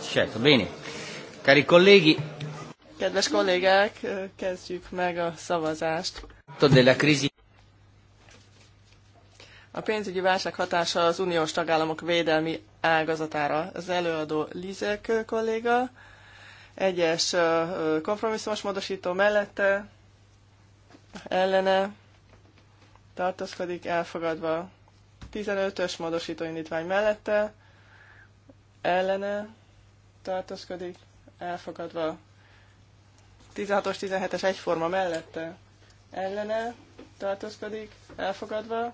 Certo, bene. Cari colleghi. Kedves kollégák, kezdjük meg a szavazást. Della crisi. A pénzügyi válság hatása az uniós tagállamok védelmi ágazatára. Az előadó Lizek kolléga, egyes kompromisszumos módosító mellette, ellene, tartózkodik elfogadva 15-ös módosító indítvány mellette, ellene tartózkodik, elfogadva. 16-os, 17-es egyforma mellette ellene tartózkodik, elfogadva.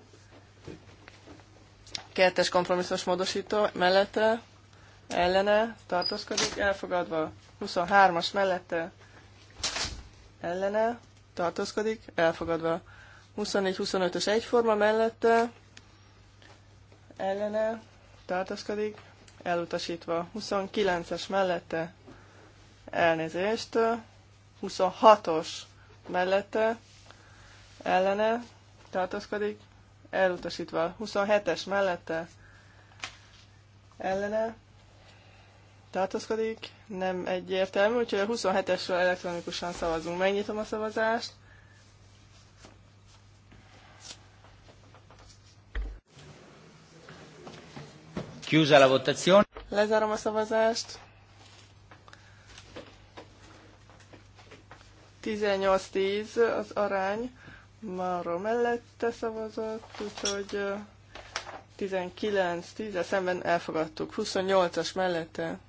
Kettes kompromisszos módosító mellette ellene tartózkodik, elfogadva. 23-as mellette ellene tartózkodik, elfogadva. 24-25-ös egyforma mellette ellene tartózkodik, elutasítva. 29-es mellette elnézést, 26-os mellette ellene tartózkodik, elutasítva. 27-es mellette ellene tartózkodik, nem egyértelmű, úgyhogy a 27-esről elektronikusan szavazunk. Megnyitom a szavazást. Chiusa la votazione. Lezárom a szavazást. 18-10 az arány. Marro mellette szavazott, úgyhogy 19-10-re szemben elfogadtuk. 28-as mellette.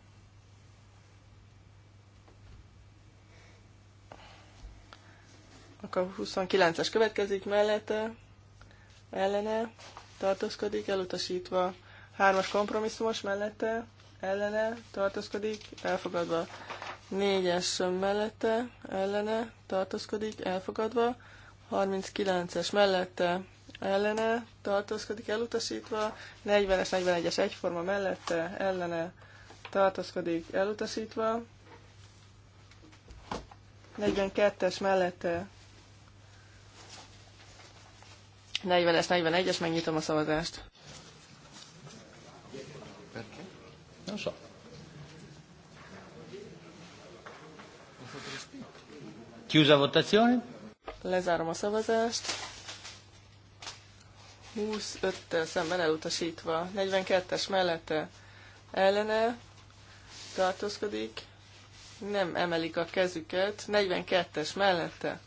Akkor 29-es következik mellette. Ellene tartózkodik, elutasítva. Hármas kompromisszumos mellette, ellene, tartózkodik, elfogadva. Négyes mellette, ellene, tartózkodik, elfogadva. 39-es mellette, ellene, tartózkodik, elutasítva. 40-es, 41-es egyforma mellette, ellene, tartózkodik, elutasítva. 42-es mellette 40-es, 41-es, megnyitom a szavazást. non so. Chiusa votazione. Lezárom a szavazást. 25-tel szemben elutasítva. 42-es mellette ellene tartózkodik. Nem emelik a kezüket. 42-es mellette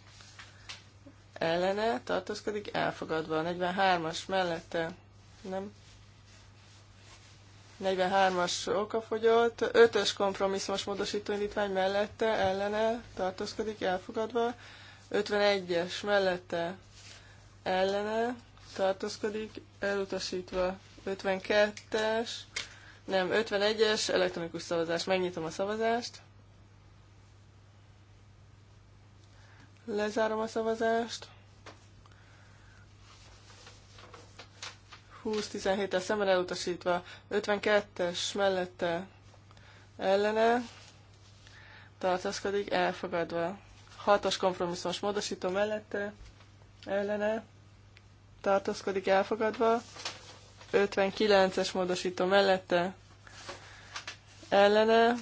ellene tartózkodik. Elfogadva. 43-as mellette nem 43-as okafogyott, 5-ös kompromisszumos módosító indítvány mellette, ellene tartózkodik, elfogadva, 51-es mellette, ellene tartózkodik, elutasítva, 52-es, nem, 51-es elektronikus szavazás, megnyitom a szavazást, lezárom a szavazást, 20-17-tel szemben elutasítva, 52-es mellette ellene tartaszkodik, elfogadva. 6-os kompromisszumos módosító mellette ellene tartaszkodik, elfogadva. 59-es módosító mellette ellene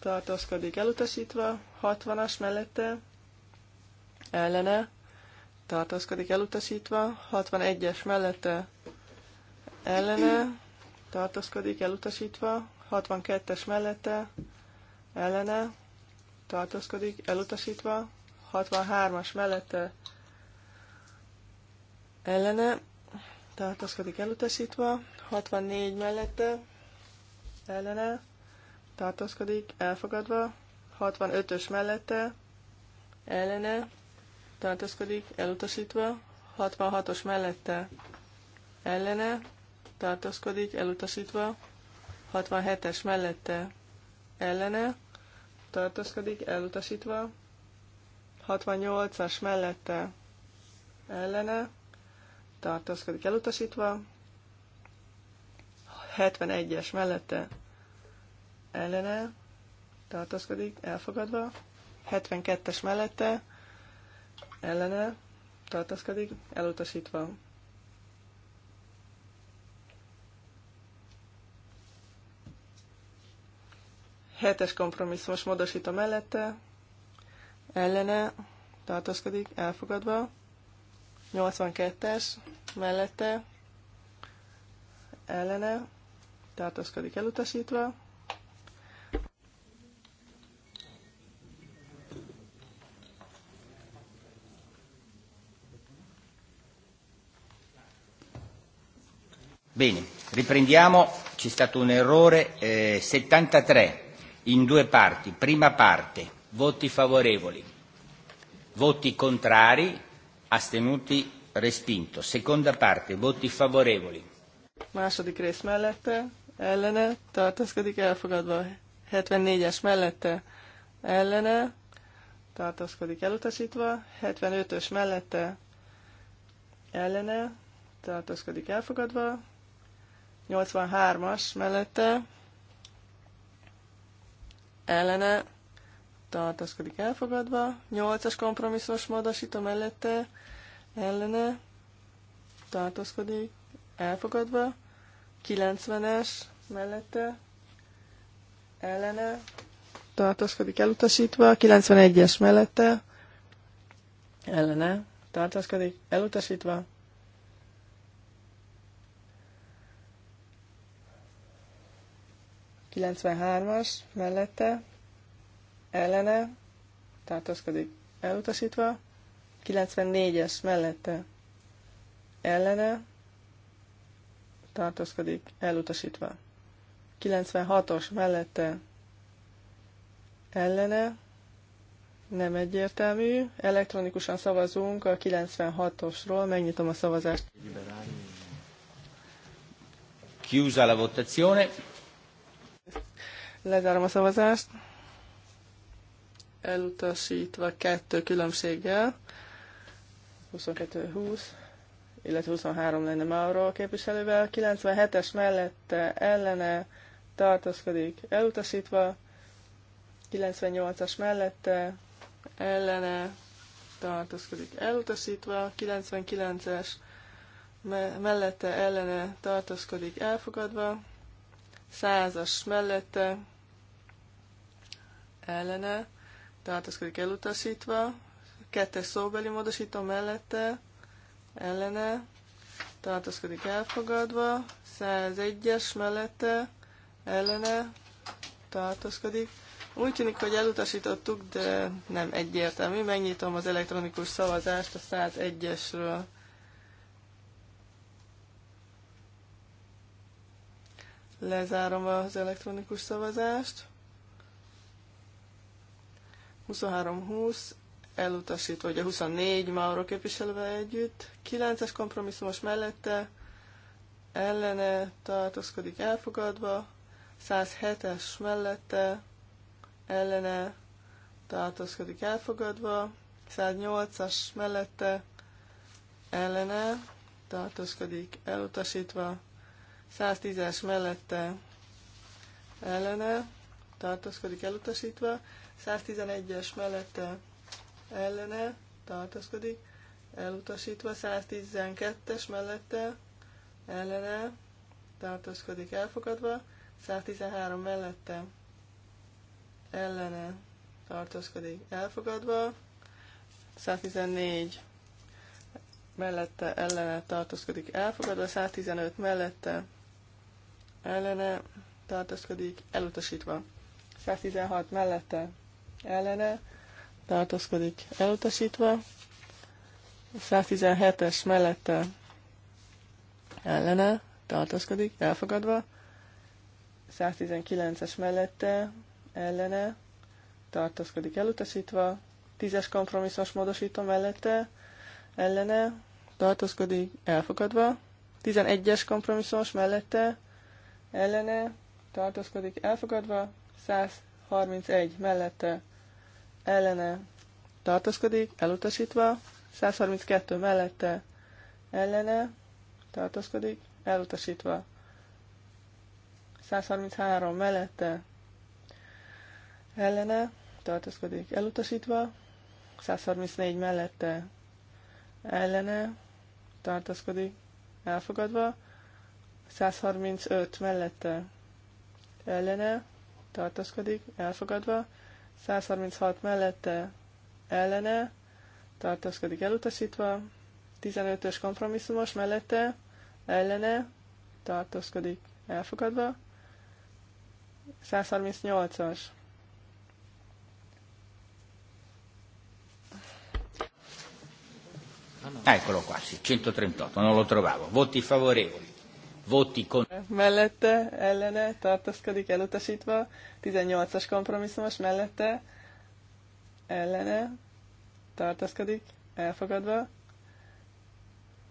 tartózkodik, elutasítva. 60-as mellette ellene tartózkodik, elutasítva. 61-es mellette ellene, tartózkodik, elutasítva, 62-es mellette, ellene, tartózkodik, elutasítva, 63-as mellette, ellene, tartózkodik, elutasítva, 64 mellette, ellene, tartózkodik, elfogadva, 65-ös mellette, ellene, tartózkodik, elutasítva, 66-os mellette, ellene, tartózkodik, elutasítva. 67-es mellette ellene tartózkodik, elutasítva. 68-as mellette ellene tartózkodik, elutasítva. 71-es mellette ellene tartózkodik, elfogadva. 72-es mellette ellene tartózkodik, elutasítva. Hetes kompromisszumos módosító mellette, ellene, tartózkodik, elfogadva. 82-es mellette, ellene, tartózkodik, elutasítva. Bene, riprendiamo, c'è stato un errore, eh, 73 in due parti. Prima parte, voti favorevoli, voti contrari, astenuti, respinto. Seconda parte, voti favorevoli. Második rész mellette, ellene, tartaszkodik elfogadva. 74-es mellette, ellene, tartaszkodik elutasítva. 75-ös mellette, ellene, tartaszkodik elfogadva. 83-as mellette, ellene tartaszkodik elfogadva, Nyolcas kompromisszos módosító mellette ellene tartaszkodik elfogadva, 90-es mellette ellene tartaszkodik elutasítva, 91-es mellette ellene tartaszkodik elutasítva, 93-as mellette ellene tartózkodik elutasítva, 94-es mellette ellene tartózkodik elutasítva, 96-os mellette ellene nem egyértelmű. Elektronikusan szavazunk a 96-osról. Megnyitom a szavazást. Chiusa la votazione. Lezárom a szavazást. Elutasítva kettő különbséggel. 22-20, illetve 23 lenne Mauro a képviselővel. 97-es mellette ellene tartozkodik elutasítva. 98-as mellette ellene tartozkodik elutasítva. 99-es me- mellette ellene tartozkodik elfogadva. Százas mellette ellene tartózkodik elutasítva. Kettes szóbeli módosító mellette ellene tartózkodik elfogadva. 101-es mellette ellene tartózkodik. Úgy tűnik, hogy elutasítottuk, de nem egyértelmű. Megnyitom az elektronikus szavazást a 101-esről. Lezárom az elektronikus szavazást. 23-20, elutasítva, ugye 24 Mauro képviselővel együtt, 9-es kompromisszumos mellette, ellene tartózkodik elfogadva, 107-es mellette, ellene tartózkodik elfogadva, 108-as mellette, ellene tartózkodik elutasítva, 110-es mellette ellene tartózkodik elutasítva, 111-es mellette ellene tartózkodik elutasítva, 112-es mellette ellene tartózkodik elfogadva, 113 mellette ellene tartózkodik elfogadva, 114 mellette ellene tartózkodik elfogadva, 115 mellette ellene tartózkodik, elutasítva. 116 mellette ellene tartózkodik, elutasítva. 117-es mellette ellene tartózkodik, elfogadva. 119-es mellette ellene tartózkodik, elutasítva. 10-es kompromisszos módosító mellette ellene tartózkodik, elfogadva. 11-es kompromisszós mellette ellene tartózkodik elfogadva, 131 mellette ellene tartózkodik elutasítva, 132 mellette ellene tartózkodik elutasítva, 133 mellette ellene tartózkodik elutasítva, 134 mellette ellene tartózkodik elfogadva, 135 mellette ellene tartózkodik, elfogadva. 136 mellette ellene tartózkodik, elutasítva. 15-ös kompromisszumos mellette ellene tartózkodik, elfogadva. 138-as Eccolo qua, sì, 138, non lo trovavo. Voti favorevoli voti Mellette, ellene, tartaszkodik elutasítva. 18-as kompromisszumos, mellette, ellene, tartaszkodik elfogadva.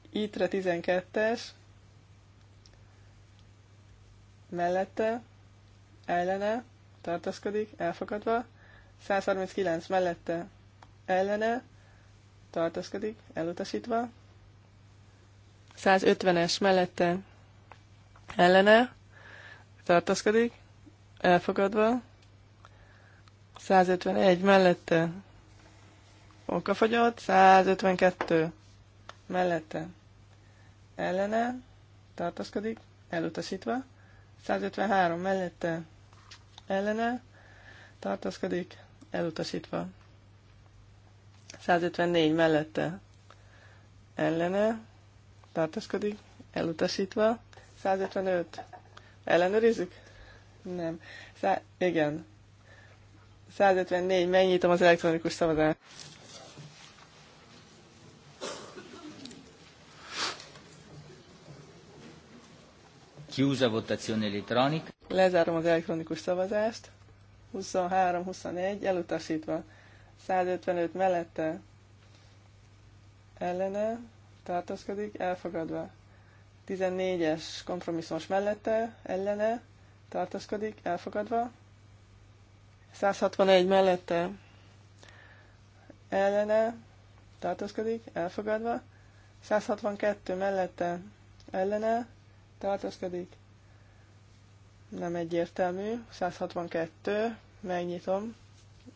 ittre 12-es, mellette, ellene, tartaszkodik elfogadva. 139 mellette, ellene, tartaszkodik elutasítva. 150-es mellette, ellene tartózkodik, elfogadva, 151 mellette okafagyott, 152 mellette ellene tartózkodik, elutasítva, 153 mellette ellene tartózkodik, elutasítva, 154 mellette ellene tartózkodik, elutasítva, 155. Ellenőrizzük? Nem. Szá- igen. 154. Megnyitom az elektronikus szavazást. Chiusa votazione elettronica. Lezárom az elektronikus szavazást. 23-21 elutasítva. 155 mellette ellene tartózkodik, elfogadva. 14-es kompromisszumos mellette, ellene tartózkodik, elfogadva. 161 mellette, ellene tartózkodik, elfogadva. 162 mellette, ellene tartózkodik, nem egyértelmű. 162, megnyitom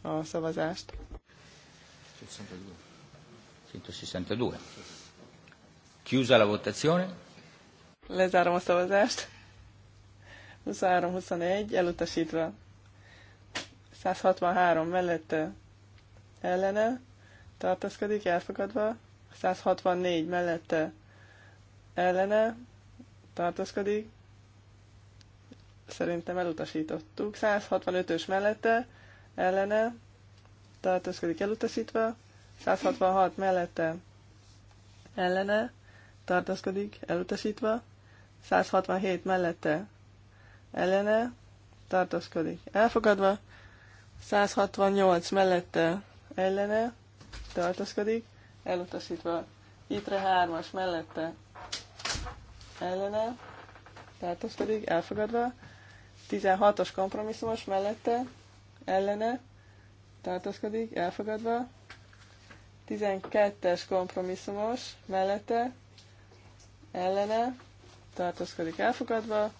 a szavazást. 162. Chiusa la votazione. Lezárom a szavazást. 23-21, elutasítva. 163 mellette ellene tartózkodik, elfogadva. 164 mellette ellene tartózkodik. Szerintem elutasítottuk. 165-ös mellette ellene tartózkodik elutasítva. 166 mellette ellene tartózkodik elutasítva. 167 mellette ellene tartózkodik. Elfogadva. 168 mellette ellene tartózkodik. Elutasítva. ittre 3-as mellette ellene tartózkodik. Elfogadva. 16-os kompromisszumos mellette ellene tartózkodik. Elfogadva. 12-es kompromisszumos mellette ellene tartózkodik elfogadva.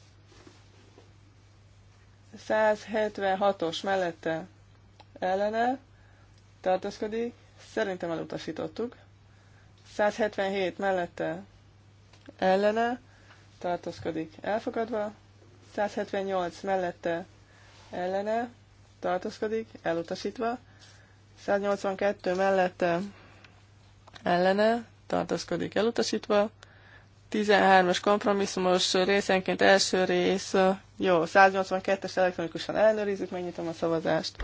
176-os mellette ellene tartózkodik, szerintem elutasítottuk. 177 mellette ellene tartózkodik elfogadva. 178 mellette ellene tartózkodik elutasítva. 182 mellette ellene tartózkodik elutasítva. 13-as kompromisszumos részenként első rész. Jó, 182-es elektronikusan ellenőrizzük, megnyitom a szavazást.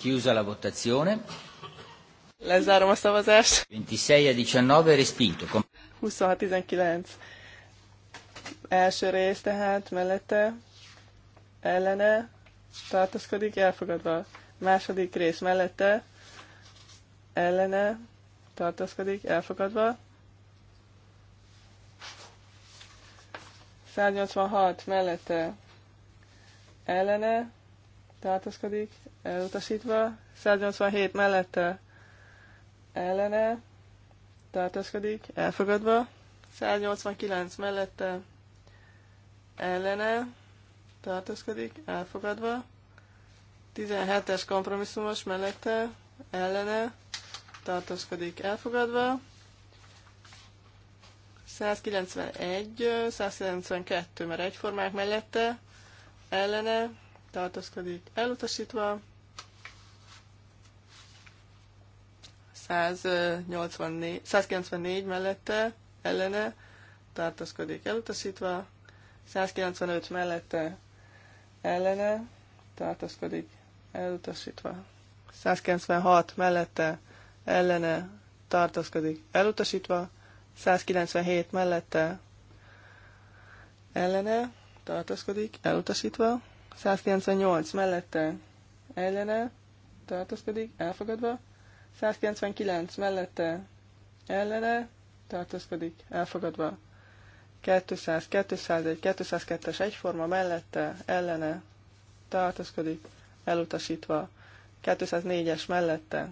Chiusa la votazione. Lezárom a szavazást. 26-19 respinto. 26-19. Első rész tehát mellette, ellene, tartozkodik elfogadva. Második rész mellette, ellene tartózkodik, elfogadva. 186 mellette ellene tartózkodik, elutasítva. 187 mellette ellene tartózkodik, elfogadva. 189 mellette ellene tartózkodik, elfogadva. 17-es kompromisszumos mellette ellene tartózkodik elfogadva. 191, 192, mert egyformák mellette, ellene tartózkodik elutasítva. 184, 194 mellette, ellene tartózkodik elutasítva. 195 mellette, ellene tartózkodik elutasítva. 196 mellette ellene tartózkodik elutasítva, 197 mellette ellene tartózkodik elutasítva, 198 mellette ellene tartózkodik elfogadva, 199 mellette ellene tartózkodik elfogadva, 200, 201, 202-es egyforma mellette ellene tartózkodik elutasítva, 204-es mellette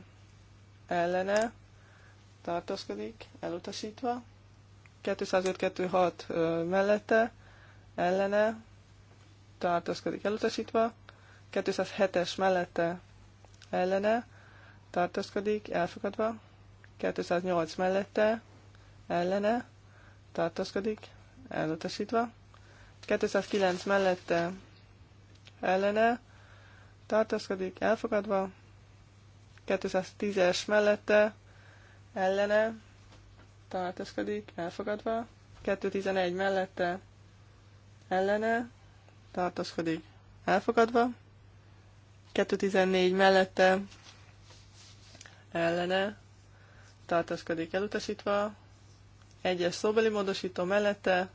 ellene tartózkodik, elutasítva. 205 26 mellette ellene tartózkodik, elutasítva. 207-es mellette ellene tartózkodik, elfogadva. 208 mellette ellene tartózkodik, elutasítva. 209 mellette ellene tartózkodik, elfogadva. 210-es mellette ellene tartózkodik, elfogadva. 211 mellette ellene tartózkodik, elfogadva. 214 mellette ellene tartózkodik, elutasítva. 1-es szóbeli módosító mellette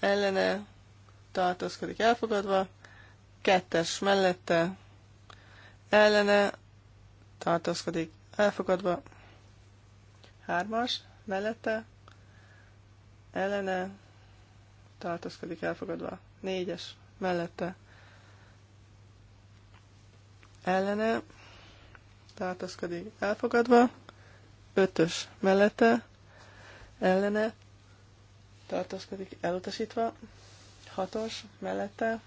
ellene tartózkodik, elfogadva. 2-es mellette ellene tartózkodik elfogadva. Hármas, mellette, ellene, tartózkodik elfogadva. Négyes, mellette, ellene, tartózkodik elfogadva. Ötös, mellette, ellene, tartózkodik elutasítva. Hatos, mellette,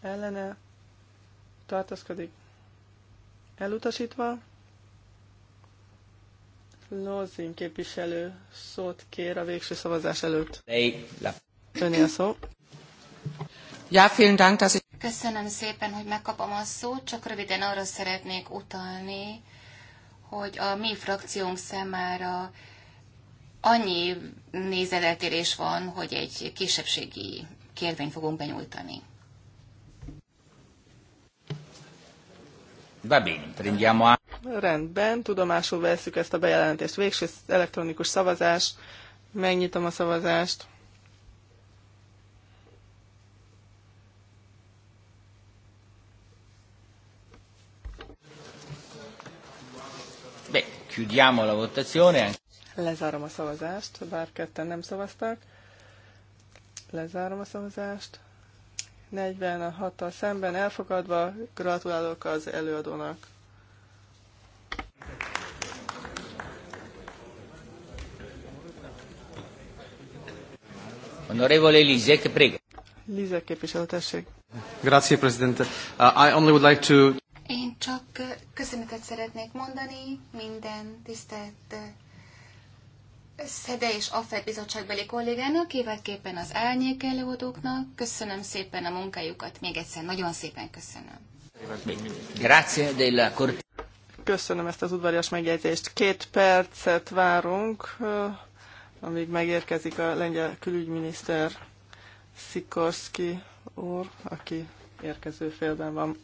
ellene, tartózkodik Elutasítva. Lózin képviselő szót kér a végső szavazás előtt. a szó. Ja, vielen Dank, dass ich... Köszönöm szépen, hogy megkapom a szót, csak röviden arra szeretnék utalni, hogy a mi frakciónk számára annyi nézeletérés van, hogy egy kisebbségi kérvényt fogunk benyújtani. Va bene, prendiamo a... Rendben, tudomásul veszük ezt a bejelentést. Végső elektronikus szavazás. Megnyitom a szavazást. chiudiamo la votazione. Lezárom a szavazást, bár ketten nem szavaztak. Lezárom a szavazást. 46-tal szemben elfogadva. Gratulálok az előadónak. Honorevole Lizek, prego. Lizek képviselő, tessék. Grazie, Presidente. Uh, I only would like to... Én csak uh, köszönetet szeretnék mondani minden tisztelt uh, Szede és Affed bizottságbeli kollégának, kiváltképpen az árnyék előadóknak. Köszönöm szépen a munkájukat, még egyszer nagyon szépen köszönöm. Grazie della Köszönöm ezt az udvarias megjegyzést. Két percet várunk, amíg megérkezik a lengyel külügyminiszter Szikorszki úr, aki érkező félben van.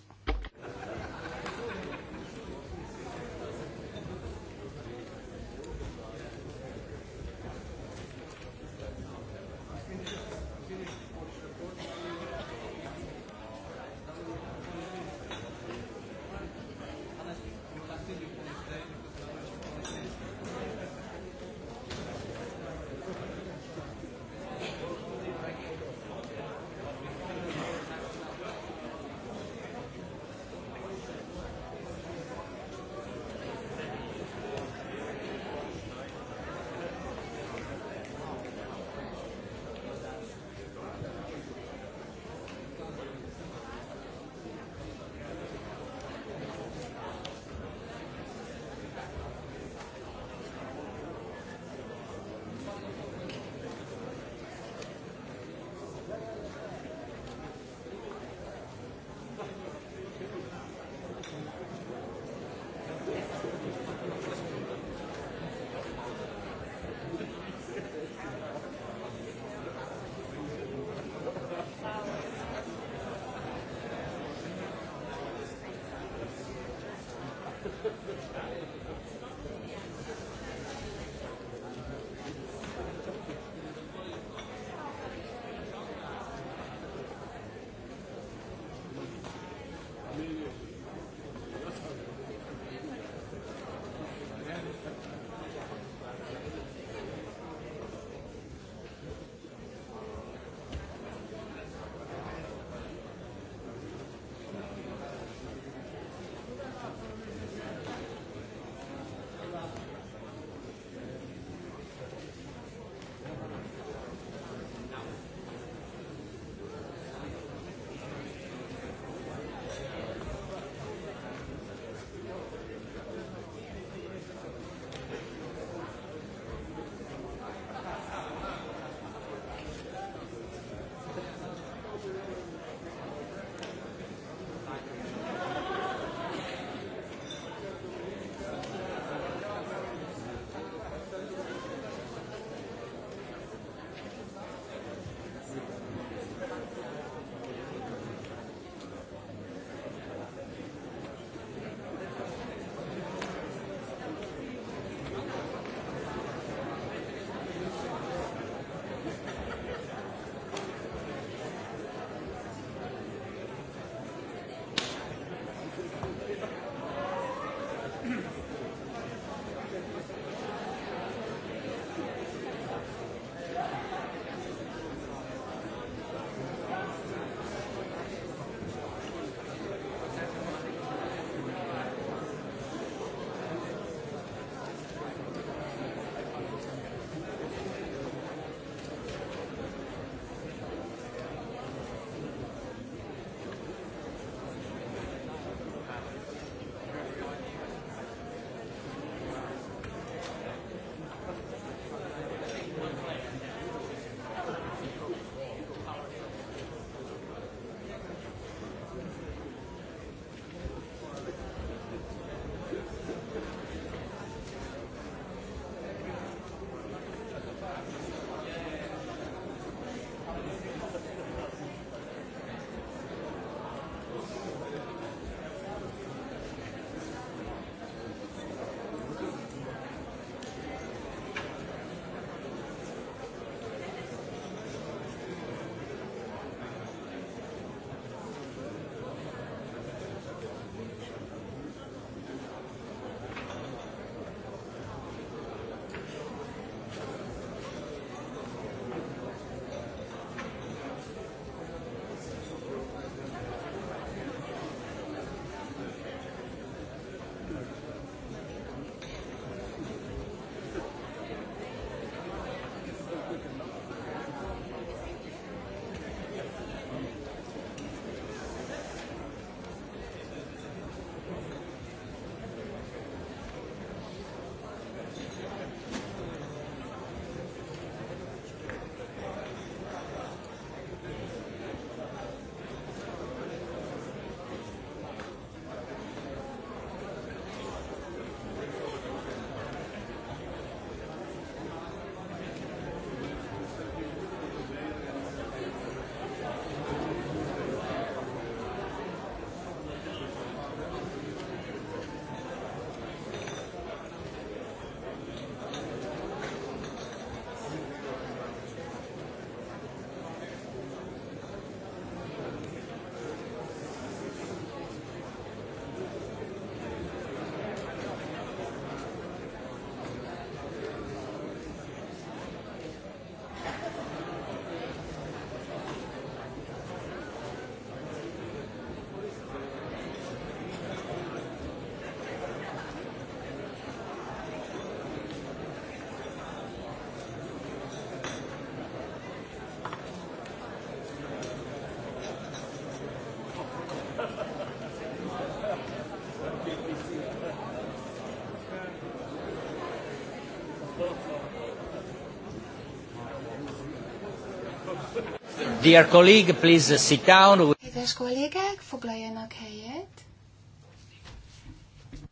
Dear colleague, please sit down. Kedves kollégák, foglaljanak helyet.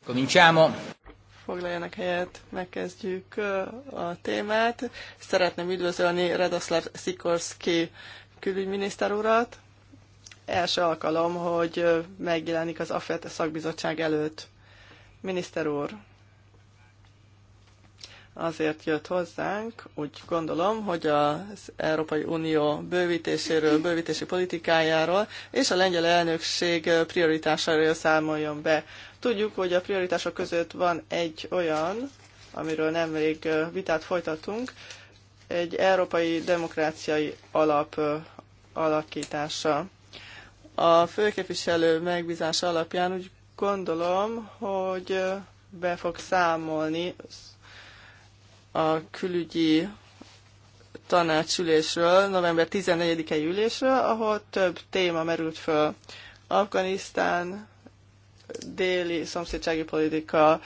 Cominciamo. Foglaljanak helyet, megkezdjük uh, a témát. Szeretném üdvözölni Radoslav Sikorski külügyminiszter urat. Első alkalom, hogy uh, megjelenik az AFET szakbizottság előtt. Miniszter úr, azért jött hozzánk, úgy gondolom, hogy az Európai Unió bővítéséről, bővítési politikájáról és a lengyel elnökség prioritásáról számoljon be. Tudjuk, hogy a prioritások között van egy olyan, amiről nemrég vitát folytatunk, egy európai demokráciai alap alakítása. A főképviselő megbízása alapján úgy gondolom, hogy be fog számolni a külügyi tanácsülésről, november 14-i ülésről, ahol több téma merült föl. Afganisztán, déli szomszédsági politika,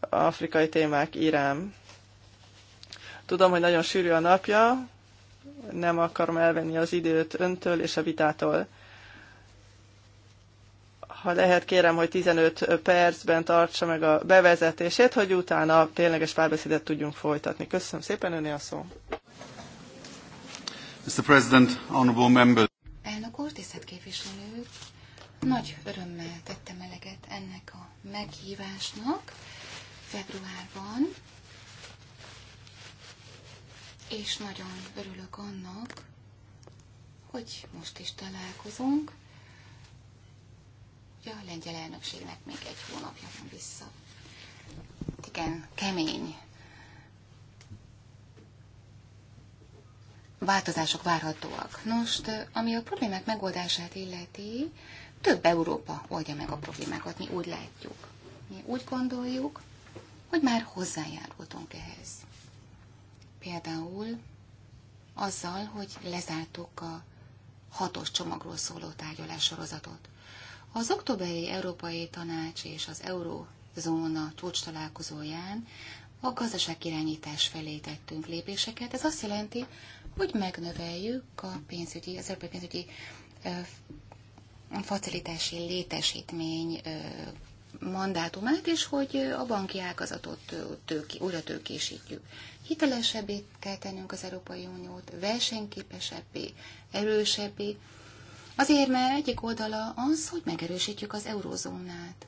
afrikai témák, Irán. Tudom, hogy nagyon sűrű a napja, nem akarom elvenni az időt öntől és a vitától ha lehet, kérem, hogy 15 percben tartsa meg a bevezetését, hogy utána tényleges párbeszédet tudjunk folytatni. Köszönöm szépen, öné a szó. Mr. President, honorable members. Elnök úr, tisztelt képviselők! Nagy örömmel tettem eleget ennek a meghívásnak februárban, és nagyon örülök annak, hogy most is találkozunk, Ja, a lengyel elnökségnek még egy hónapja van vissza. Igen, kemény. Változások várhatóak. Nos, ami a problémák megoldását illeti, több Európa oldja meg a problémákat, mi úgy látjuk. Mi úgy gondoljuk, hogy már hozzájárultunk ehhez. Például azzal, hogy lezártuk a hatos csomagról szóló tárgyalás sorozatot. Az októberi Európai Tanács és az Eurózóna csúcs találkozóján a gazdaságirányítás felé tettünk lépéseket. Ez azt jelenti, hogy megnöveljük a pénzügyi, az európai pénzügyi facilitási létesítmény mandátumát, és hogy a banki ágazatot tőki, újra tőkésítjük. Hitelesebbé kell tennünk az Európai Uniót, versenyképesebbé, erősebbé, Azért, mert egyik oldala az, hogy megerősítjük az eurózónát.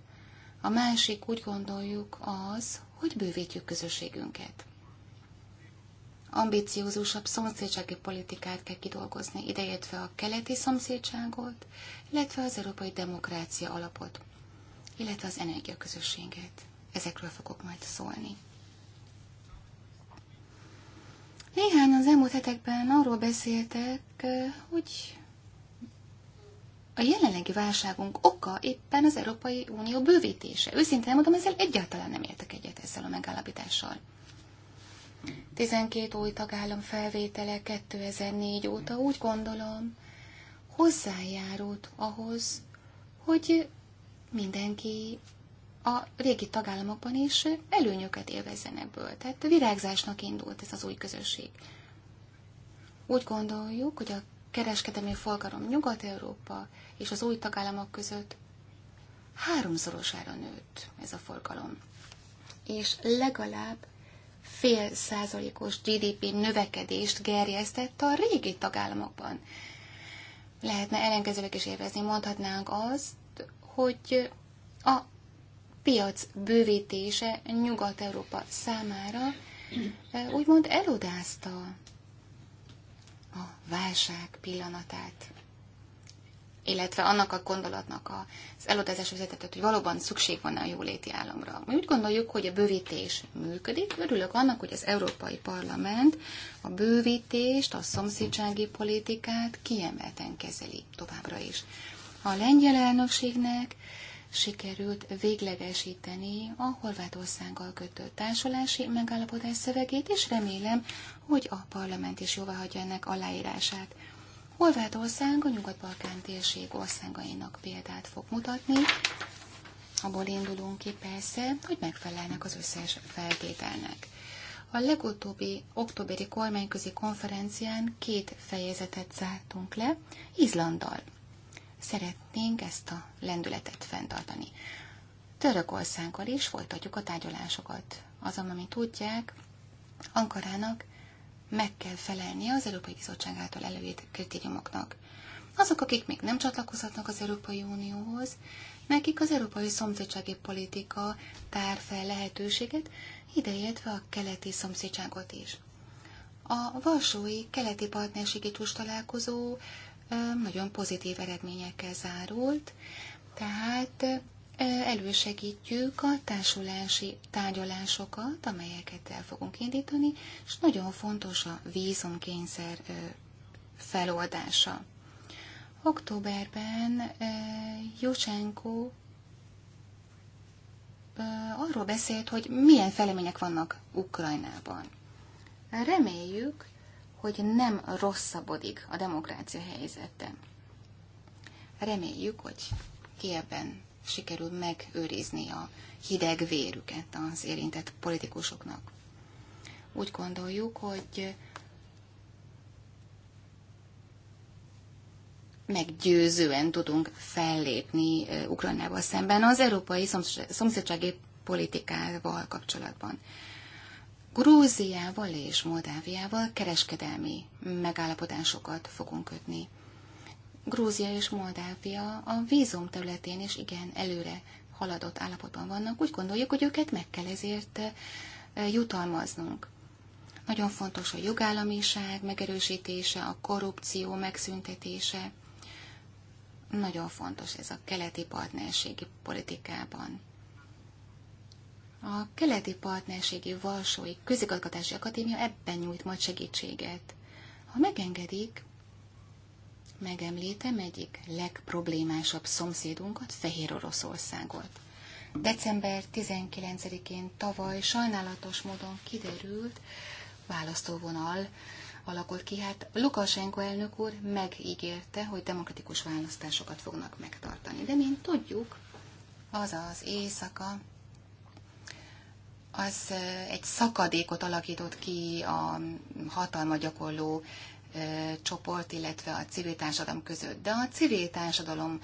A másik úgy gondoljuk az, hogy bővítjük közösségünket. Ambiciózusabb szomszédsági politikát kell kidolgozni, ideértve a keleti szomszédságot, illetve az európai demokrácia alapot, illetve az energiaközösséget. Ezekről fogok majd szólni. Néhány az elmúlt hetekben arról beszéltek, hogy a jelenlegi válságunk oka éppen az Európai Unió bővítése. Őszintén mondom, ezzel egyáltalán nem értek egyet ezzel a megállapítással. 12 új tagállam felvétele 2004 óta úgy gondolom hozzájárult ahhoz, hogy mindenki a régi tagállamokban is előnyöket élvezzen ebből. Tehát virágzásnak indult ez az új közösség. Úgy gondoljuk, hogy a kereskedelmi forgalom Nyugat-Európa és az új tagállamok között háromszorosára nőtt ez a forgalom. És legalább fél százalékos GDP növekedést gerjesztett a régi tagállamokban. Lehetne ellenkezőleg is érezni, mondhatnánk azt, hogy a piac bővítése Nyugat-Európa számára úgymond elodázta a válság pillanatát, illetve annak a gondolatnak az elodázás vezetett, hogy valóban szükség van a jóléti államra. Mi úgy gondoljuk, hogy a bővítés működik. Örülök annak, hogy az Európai Parlament a bővítést, a szomszédsági politikát kiemelten kezeli továbbra is. A lengyel elnökségnek sikerült véglegesíteni a Horvátországgal kötött társulási megállapodás szövegét, és remélem, hogy a parlament is hagyja ennek aláírását. Horvátország a Nyugat-Balkán térség országainak példát fog mutatni, abból indulunk ki persze, hogy megfelelnek az összes feltételnek. A legutóbbi októberi kormányközi konferencián két fejezetet zártunk le Izlanddal. Szeretnénk ezt a lendületet fenntartani. Törökországgal is folytatjuk a tárgyalásokat. Azon, amit tudják, Ankarának meg kell felelni az Európai Bizottság által előírt kritériumoknak. Azok, akik még nem csatlakozhatnak az Európai Unióhoz, nekik az európai szomszédsági politika tár fel lehetőséget, ideértve a keleti szomszédságot is. A Varsói keleti partnerségi csúcs találkozó nagyon pozitív eredményekkel zárult, tehát elősegítjük a társulási tárgyalásokat, amelyeket el fogunk indítani, és nagyon fontos a vízumkényszer feloldása. Októberben Jocsenko arról beszélt, hogy milyen felemények vannak Ukrajnában. Reméljük, hogy nem rosszabbodik a demokrácia helyzete. Reméljük, hogy kiebben sikerül megőrizni a hideg vérüket az érintett politikusoknak. Úgy gondoljuk, hogy meggyőzően tudunk fellépni Ukrajnával szemben az európai szomszédsági politikával kapcsolatban. Grúziával és Moldáviával kereskedelmi megállapodásokat fogunk kötni. Grúzia és Moldávia a vízum területén is igen előre haladott állapotban vannak. Úgy gondoljuk, hogy őket meg kell ezért eh, jutalmaznunk. Nagyon fontos a jogállamiság megerősítése, a korrupció megszüntetése. Nagyon fontos ez a keleti partnerségi politikában. A keleti partnerségi Valsói Közigazgatási Akadémia ebben nyújt majd segítséget. Ha megengedik, megemlítem egyik legproblémásabb szomszédunkat, Fehér Oroszországot. December 19-én tavaly sajnálatos módon kiderült, választóvonal alakult ki, hát Lukasenko elnök úr megígérte, hogy demokratikus választásokat fognak megtartani. De mint tudjuk, az az éjszaka az egy szakadékot alakított ki a hatalma gyakorló csoport, illetve a civil társadalom között. De a civil társadalom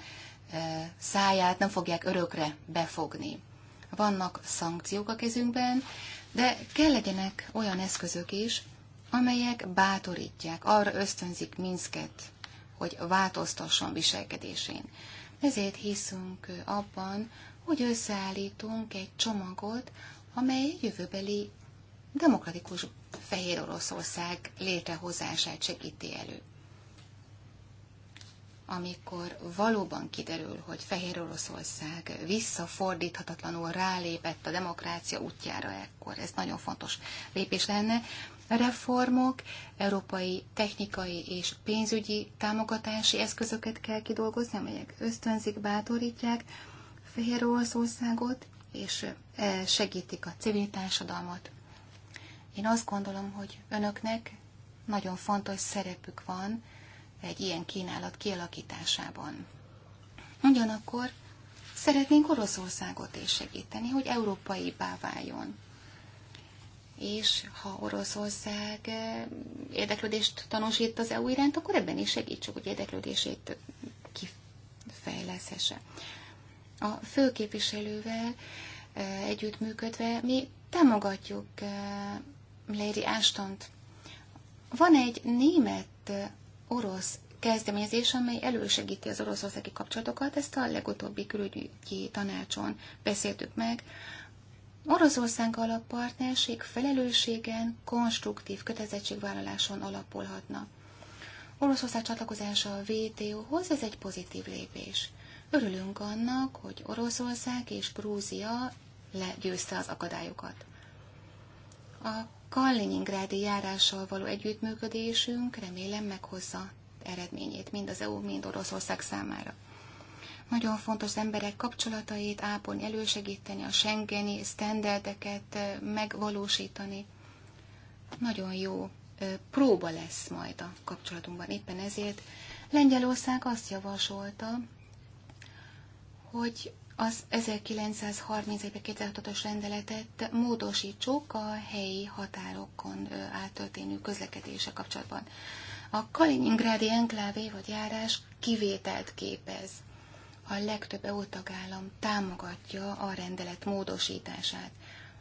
száját nem fogják örökre befogni. Vannak szankciók a kezünkben, de kell legyenek olyan eszközök is, amelyek bátorítják, arra ösztönzik Minsket, hogy változtasson viselkedésén. Ezért hiszünk abban, hogy összeállítunk egy csomagot, amely jövőbeli demokratikus Fehér Oroszország létrehozását segíti elő. Amikor valóban kiderül, hogy Fehér Oroszország visszafordíthatatlanul rálépett a demokrácia útjára, ekkor ez nagyon fontos lépés lenne. Reformok, európai technikai és pénzügyi támogatási eszközöket kell kidolgozni, amelyek ösztönzik, bátorítják Fehér Oroszországot, és segítik a civil társadalmat. Én azt gondolom, hogy önöknek nagyon fontos szerepük van egy ilyen kínálat kialakításában. Ugyanakkor szeretnénk Oroszországot is segíteni, hogy európai váljon. És ha Oroszország érdeklődést tanúsít az EU iránt, akkor ebben is segítsük, hogy érdeklődését kifejleszhesse a főképviselővel együttműködve mi támogatjuk Lady Ashton. Van egy német orosz kezdeményezés, amely elősegíti az oroszországi kapcsolatokat, ezt a legutóbbi külügyi tanácson beszéltük meg. Oroszország alappartnerség felelősségen, konstruktív kötelezettségvállaláson alapulhatna. Oroszország csatlakozása a WTO-hoz, ez egy pozitív lépés. Örülünk annak, hogy Oroszország és Grúzia legyőzte az akadályokat. A Kaliningrádi járással való együttműködésünk remélem meghozza eredményét, mind az EU, mind Oroszország számára. Nagyon fontos az emberek kapcsolatait ápolni, elősegíteni, a Schengeni sztenderdeket megvalósítani. Nagyon jó próba lesz majd a kapcsolatunkban. Éppen ezért Lengyelország azt javasolta, hogy az 1931 ben 2006-os rendeletet módosítsuk a helyi határokon áttörténő közlekedése kapcsolatban. A Kaliningrádi enklávé vagy járás kivételt képez. A legtöbb EU tagállam támogatja a rendelet módosítását.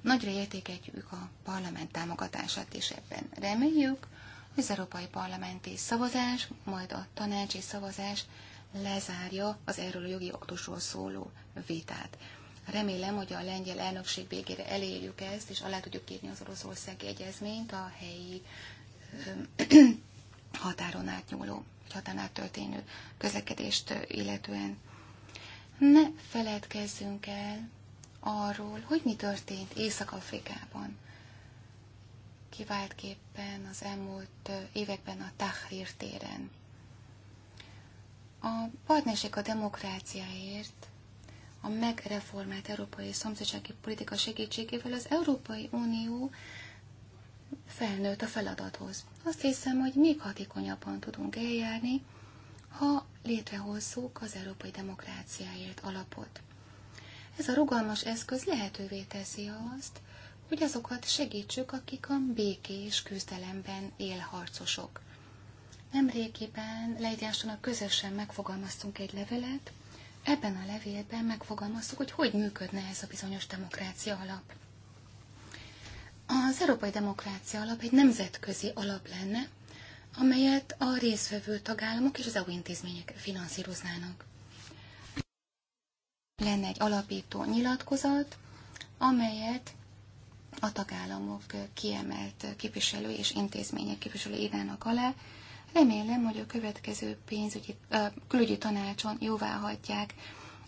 Nagyra értékeljük a parlament támogatását is ebben. Reméljük, hogy az Európai Parlamenti szavazás, majd a tanácsi szavazás lezárja az erről a jogi aktusról szóló vitát. Remélem, hogy a lengyel elnökség végére elérjük ezt, és alá tudjuk írni az Oroszországi Egyezményt a helyi ö, határon átnyúló, határon át történő közlekedést illetően. Ne feledkezzünk el arról, hogy mi történt Észak-Afrikában. Kiváltképpen az elmúlt években a Tahrir téren. A partnerség a demokráciáért, a megreformált európai szomszédsági politika segítségével az Európai Unió felnőtt a feladathoz. Azt hiszem, hogy még hatékonyabban tudunk eljárni, ha létrehozzuk az európai demokráciáért alapot. Ez a rugalmas eszköz lehetővé teszi azt, hogy azokat segítsük, akik a békés küzdelemben élharcosok. Nemrégiben a közösen megfogalmaztunk egy levelet, ebben a levélben megfogalmaztuk, hogy hogy működne ez a bizonyos demokrácia alap. Az Európai Demokrácia Alap egy nemzetközi alap lenne, amelyet a részvevő tagállamok és az EU intézmények finanszíroznának. Lenne egy alapító nyilatkozat, amelyet a tagállamok kiemelt képviselő és intézmények képviselői írnának alá, Remélem, hogy a következő pénzügyi, ö, külügyi tanácson jóvá hagyják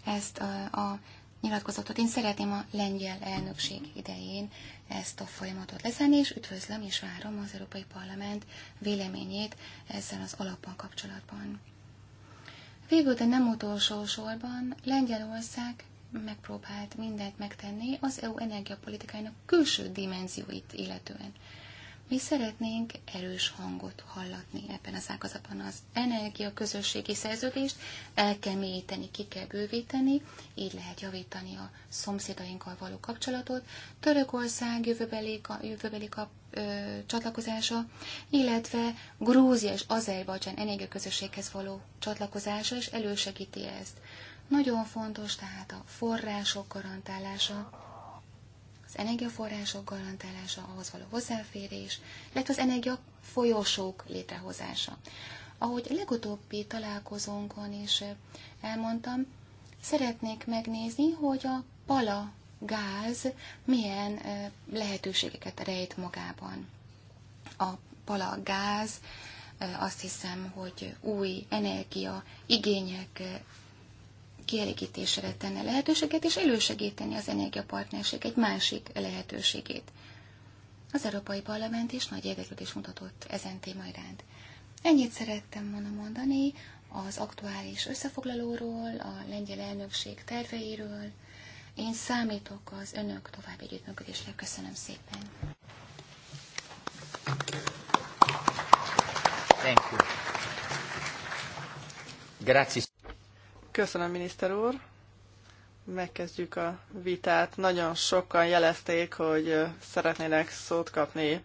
ezt a, a nyilatkozatot. Én szeretném a lengyel elnökség idején ezt a folyamatot leszállni, és üdvözlöm és várom az Európai Parlament véleményét ezzel az alappal kapcsolatban. Végül, de nem utolsó sorban, Lengyelország megpróbált mindent megtenni az EU energiapolitikájának külső dimenzióit illetően. Mi szeretnénk erős hangot hallatni ebben az ágazatban az energia közösségi szerződést, el kell mélyíteni, ki kell bővíteni, így lehet javítani a szomszédainkkal való kapcsolatot. Törökország jövőbeli, jövőbeli kap, ö, csatlakozása, illetve Grúzia és Azerbajdzsán energiaközösséghez való csatlakozása is elősegíti ezt. Nagyon fontos tehát a források garantálása, az energiaforrások garantálása, ahhoz való hozzáférés, illetve az energia folyosók létrehozása. Ahogy a legutóbbi találkozónkon is elmondtam, szeretnék megnézni, hogy a pala gáz milyen lehetőségeket rejt magában. A pala gáz azt hiszem, hogy új energia igények kielégítésére tenne lehetőséget, és elősegíteni az energiapartnerség egy másik lehetőségét. Az Európai Parlament is nagy érdeklődést mutatott ezen téma iránt. Ennyit szerettem volna mondani az aktuális összefoglalóról, a lengyel elnökség terveiről. Én számítok az önök további együttműködésre. Köszönöm szépen. Thank you. Grazie. Köszönöm, miniszter úr. Megkezdjük a vitát. Nagyon sokan jelezték, hogy szeretnének szót kapni.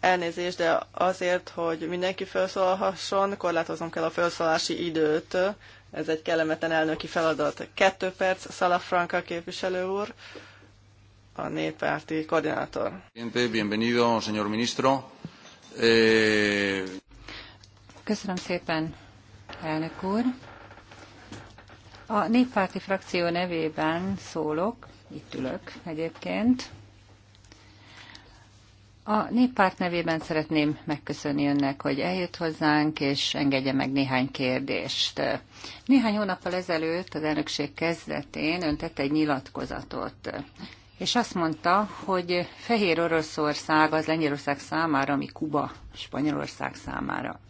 Elnézést, de azért, hogy mindenki felszólalhasson, korlátoznom kell a felszólási időt. Ez egy kellemetlen elnöki feladat. Kettő perc, Franka képviselő úr, a néppárti koordinátor. Bienvenido, señor ministro. Eh, Köszönöm szépen, elnök úr. A néppárti frakció nevében szólok, itt ülök egyébként. A néppárt nevében szeretném megköszönni önnek, hogy eljött hozzánk, és engedje meg néhány kérdést. Néhány hónappal ezelőtt az elnökség kezdetén ön tett egy nyilatkozatot, és azt mondta, hogy Fehér Oroszország az Lengyelország számára, ami Kuba Spanyolország számára.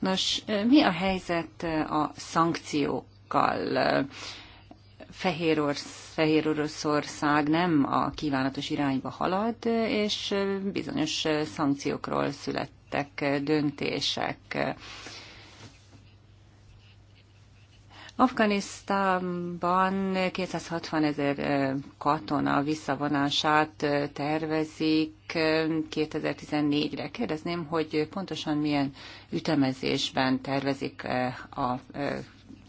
Nos, mi a helyzet a szankciókkal? Fehér, orsz, Fehér Oroszország nem a kívánatos irányba halad, és bizonyos szankciókról születtek döntések. Afganisztánban 260 ezer katona visszavonását tervezik 2014-re. Kérdezném, hogy pontosan milyen ütemezésben tervezik a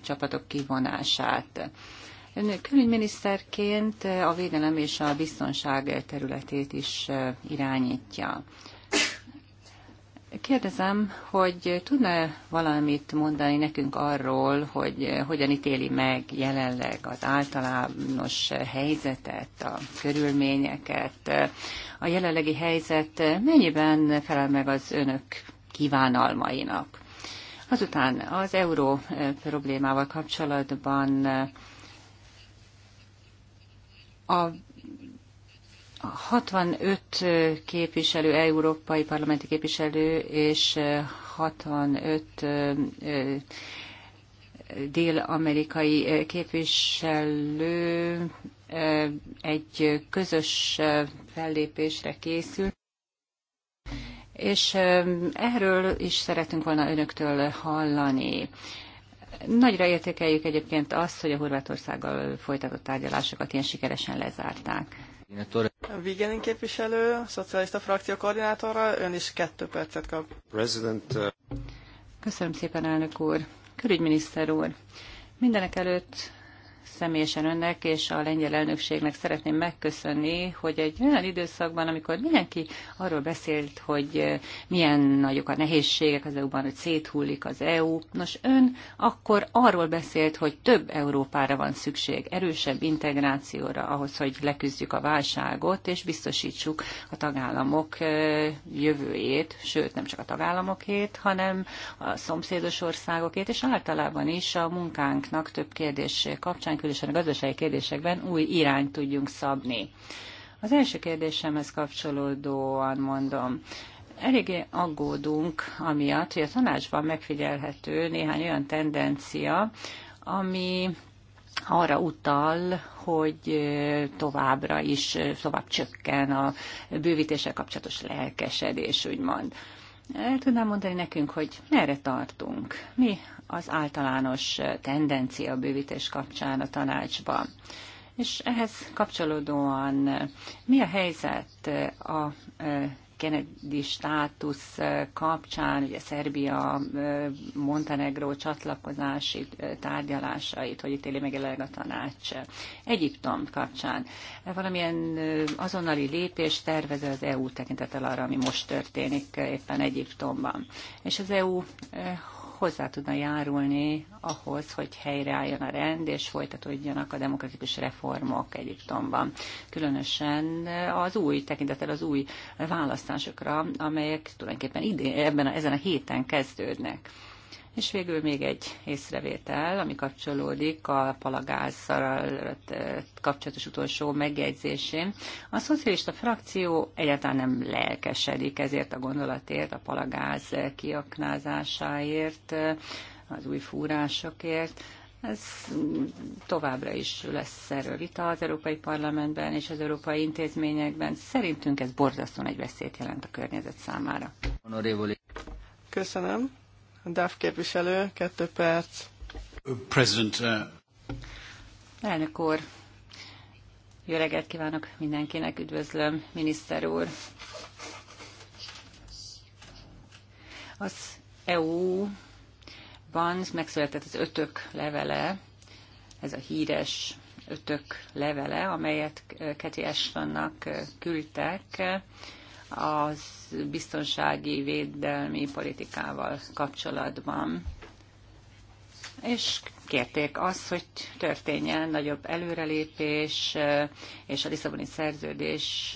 csapatok kivonását. Ön külügyminiszterként a védelem és a biztonság területét is irányítja. Kérdezem, hogy tudna valamit mondani nekünk arról, hogy eh, hogyan ítéli meg jelenleg az általános helyzetet, a körülményeket, a jelenlegi helyzet mennyiben felel meg az önök kívánalmainak? Azután az euró eh, problémával kapcsolatban eh, a 65 képviselő, európai parlamenti képviselő és 65 dél-amerikai képviselő egy közös fellépésre készül. És erről is szeretünk volna önöktől hallani. Nagyra értékeljük egyébként azt, hogy a Horvátországgal folytatott tárgyalásokat ilyen sikeresen lezárták. Vigenin képviselő, a szocialista frakció koordinátora, ön is kettő percet kap. President, uh, Köszönöm szépen, elnök úr. Körügyminiszter úr, mindenek előtt személyesen önnek és a lengyel elnökségnek szeretném megköszönni, hogy egy olyan időszakban, amikor mindenki arról beszélt, hogy eh, milyen nagyok a nehézségek az EU-ban, hogy széthullik az EU, nos ön akkor arról beszélt, hogy több Európára van szükség, erősebb integrációra ahhoz, hogy leküzdjük a válságot, és biztosítsuk a tagállamok eh, jövőjét, sőt nem csak a tagállamokét, hanem a szomszédos országokét, és általában is a munkánknak több kérdés kapcsán kapcsán, különösen a gazdasági kérdésekben új irányt tudjunk szabni. Az első kérdésemhez kapcsolódóan mondom, eléggé aggódunk amiatt, hogy a tanácsban megfigyelhető néhány olyan tendencia, ami arra utal, hogy továbbra is, tovább csökken a bővítéssel kapcsolatos lelkesedés, úgymond. El tudnám mondani nekünk, hogy merre tartunk? Mi az általános tendencia a bővítés kapcsán a tanácsban. És ehhez kapcsolódóan mi a helyzet a e, Kennedy státusz kapcsán, ugye Szerbia, e, Montenegró csatlakozási e, tárgyalásait, hogy ítéli meg a tanács Egyiptom kapcsán. Valamilyen azonnali lépés tervez az EU tekintetel arra, ami most történik éppen Egyiptomban. És az EU hozzá tudna járulni ahhoz, hogy helyreálljon a rend, és folytatódjanak a demokratikus reformok Egyiptomban. Különösen az új tekintettel az új választásokra, amelyek tulajdonképpen idén, ebben a, ezen a héten kezdődnek. És végül még egy észrevétel, ami kapcsolódik a palagázzal kapcsolatos utolsó megjegyzésén. A szocialista frakció egyáltalán nem lelkesedik ezért a gondolatért, a palagáz kiaknázásáért, az új fúrásokért. Ez továbbra is lesz erről vita az Európai Parlamentben és az európai intézményekben. Szerintünk ez borzasztóan egy veszélyt jelent a környezet számára. Köszönöm. DAF képviselő, kettő perc. President, uh... Elnök úr, jó reggelt kívánok mindenkinek, üdvözlöm, miniszter úr. Az EU-ban megszületett az ötök levele, ez a híres ötök levele, amelyet Keti Ashtonnak küldtek az biztonsági védelmi politikával kapcsolatban. És kérték azt, hogy történjen nagyobb előrelépés, és a Lisszaboni szerződés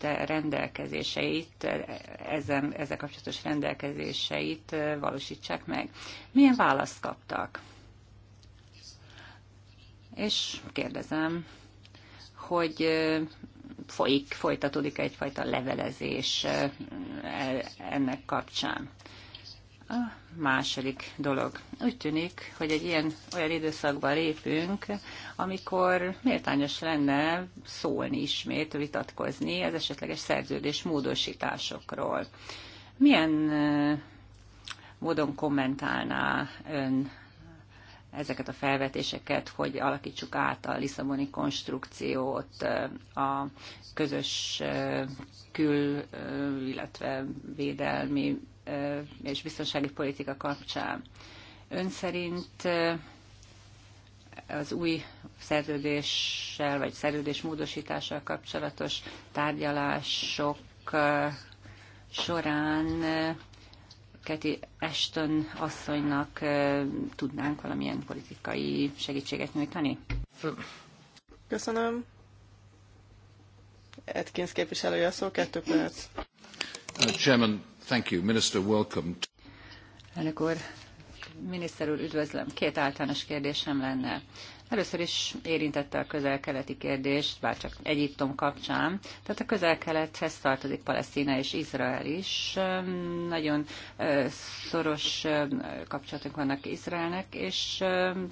rendelkezéseit, ezen, ezzel kapcsolatos rendelkezéseit valósítsák meg. Milyen választ kaptak? És kérdezem, hogy folyik, folytatódik egyfajta levelezés e, ennek kapcsán. A második dolog. Úgy tűnik, hogy egy ilyen olyan időszakban lépünk, amikor méltányos lenne szólni ismét, vitatkozni az esetleges szerződés módosításokról. Milyen módon kommentálná ön ezeket a felvetéseket, hogy alakítsuk át a Lisszaboni konstrukciót, a közös kül, illetve védelmi és biztonsági politika kapcsán. Ön szerint az új szerződéssel vagy szerződés módosítással kapcsolatos tárgyalások során Keti Ashton asszonynak tudnánk valamilyen politikai segítséget nyújtani? Köszönöm. Atkins képviselője a szó, kettő perc. Uh, Chairman, thank you. Minister, welcome. Elnök úr, miniszter úr, üdvözlöm. Két általános kérdésem lenne. Először is érintette a közel-keleti kérdést, bár csak Egyiptom kapcsán. Tehát a közel-kelethez tartozik Palesztina és Izrael is. Nagyon szoros kapcsolatok vannak Izraelnek, és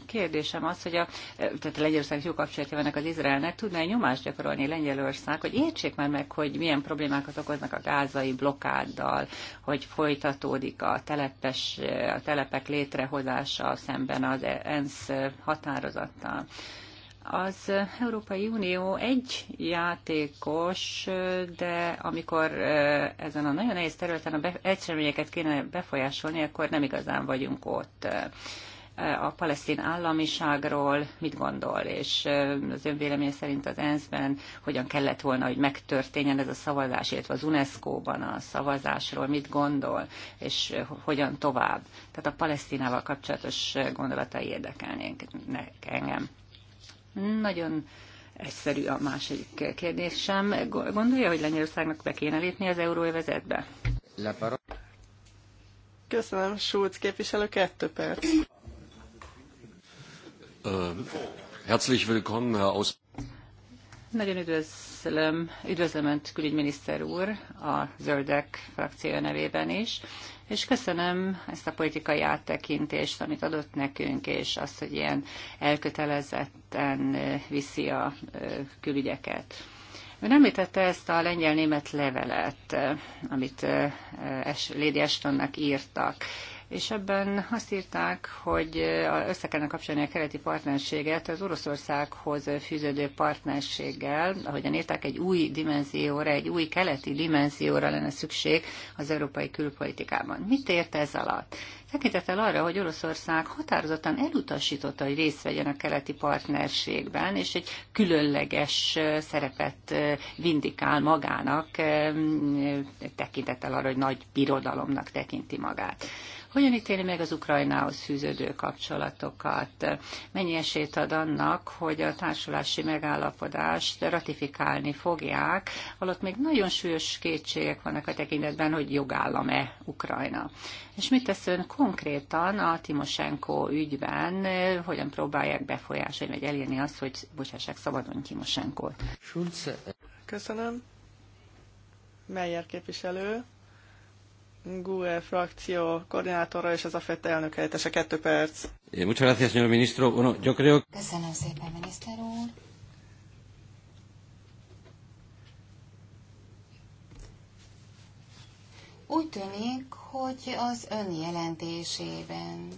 kérdésem az, hogy a, tehát a Lengyelország jó kapcsolatja vannak az Izraelnek, tudná egy nyomást gyakorolni Lengyelország, hogy értsék már meg, hogy milyen problémákat okoznak a gázai blokkáddal, hogy folytatódik a, telepes, a telepek létrehozása szemben az e-, ENSZ határozat által. Az Európai Unió egy játékos, de amikor ezen a nagyon nehéz területen a be, egyseményeket kéne befolyásolni, akkor nem igazán vagyunk ott a palesztin államiságról mit gondol, és az ön véleménye szerint az ENSZ-ben hogyan kellett volna, hogy megtörténjen ez a szavazás, illetve az UNESCO-ban a szavazásról mit gondol, és hogyan tovább. Tehát a palesztinával kapcsolatos gondolatai érdekelnénk engem. Nagyon egyszerű a második kérdésem. Gondolja, hogy Lengyelországnak be kéne lépni az euróövezetbe? Köszönöm, Schulz képviselő, kettő perc herzlich willkommen, Herr Aus. Nagyon üdvözlöm, üdvözlöm Önt, külügyminiszter úr, a Zöldek frakció nevében is, és köszönöm ezt a politikai áttekintést, amit adott nekünk, és azt, hogy ilyen elkötelezetten viszi a külügyeket. Ön említette ezt a lengyel-német levelet, amit Lédi Estonnak írtak, és ebben azt írták, hogy össze kellene kapcsolni a keleti partnerséget az Oroszországhoz fűződő partnerséggel, ahogyan írták, egy új dimenzióra, egy új keleti dimenzióra lenne szükség az európai külpolitikában. Mit ért ez alatt? Tekintettel arra, hogy Oroszország határozottan elutasította, hogy részt vegyen a keleti partnerségben, és egy különleges szerepet vindikál magának, tekintettel arra, hogy nagy birodalomnak tekinti magát. Hogyan ítéli meg az Ukrajnához fűződő kapcsolatokat? Mennyi esélyt ad annak, hogy a társulási megállapodást ratifikálni fogják, holott még nagyon súlyos kétségek vannak a tekintetben, hogy jogállam-e Ukrajna. És mit tesz ön konkrétan a Timoshenko ügyben, hogyan próbálják befolyásolni, vagy elérni azt, hogy bocsássák szabadon Timoshenkot? Köszönöm. Meyer képviselő. GUE frakció koordinátora és az AFET elnök helyettese. Kettő perc. Eh, muchas gracias, señor ministro. Bueno, yo creo... Köszönöm szépen, miniszter úr. Úgy tűnik, hogy az ön jelentésében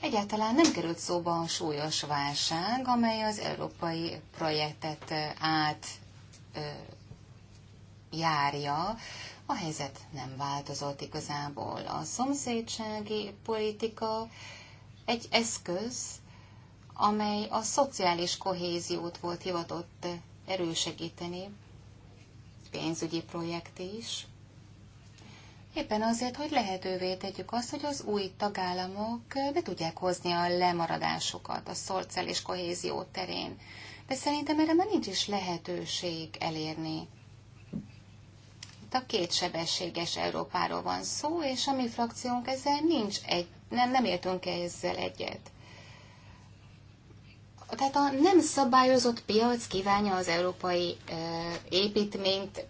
egyáltalán nem került szóba a súlyos válság, amely az európai projektet eh, át eh, járja, a helyzet nem változott igazából. A szomszédsági politika egy eszköz, amely a szociális kohéziót volt hivatott erősegíteni, pénzügyi projekt is. Éppen azért, hogy lehetővé tegyük azt, hogy az új tagállamok be tudják hozni a lemaradásokat a szociális kohézió terén. De szerintem erre már nincs is lehetőség elérni a kétsebességes Európáról van szó, és a mi frakciónk ezzel nincs egy, nem, nem értünk ezzel egyet. Tehát a nem szabályozott piac kívánja az európai e, építményt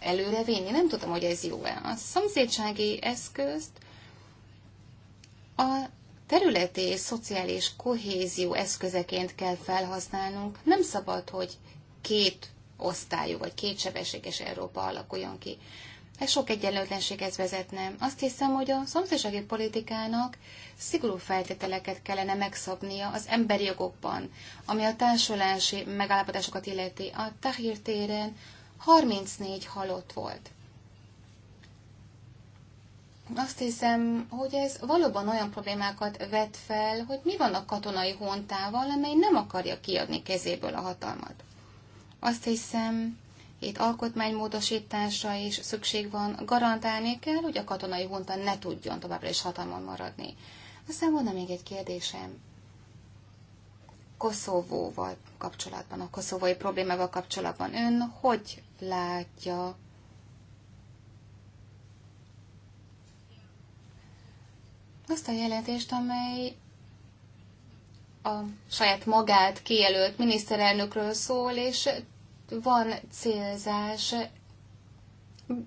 előrevinni. Nem tudom, hogy ez jó-e. A szomszédsági eszközt a területi és szociális kohézió eszközeként kell felhasználnunk. Nem szabad, hogy két osztályú vagy kétsebességes Európa alakuljon ki. Ez sok egyenlőtlenséghez vezetne. Azt hiszem, hogy a szomszédsági politikának szigorú feltételeket kellene megszabnia az emberi jogokban, ami a társulási megállapodásokat illeti. A Tahir téren 34 halott volt. Azt hiszem, hogy ez valóban olyan problémákat vet fel, hogy mi van a katonai hontával, amely nem akarja kiadni kezéből a hatalmat. Azt hiszem, itt alkotmánymódosításra is szükség van, garantálni kell, hogy a katonai hunta ne tudjon továbbra is hatalmon maradni. Aztán volna még egy kérdésem. Koszovóval kapcsolatban, a koszovói problémával kapcsolatban ön hogy látja azt a jelentést, amely a saját magát kijelölt miniszterelnökről szól, és van célzás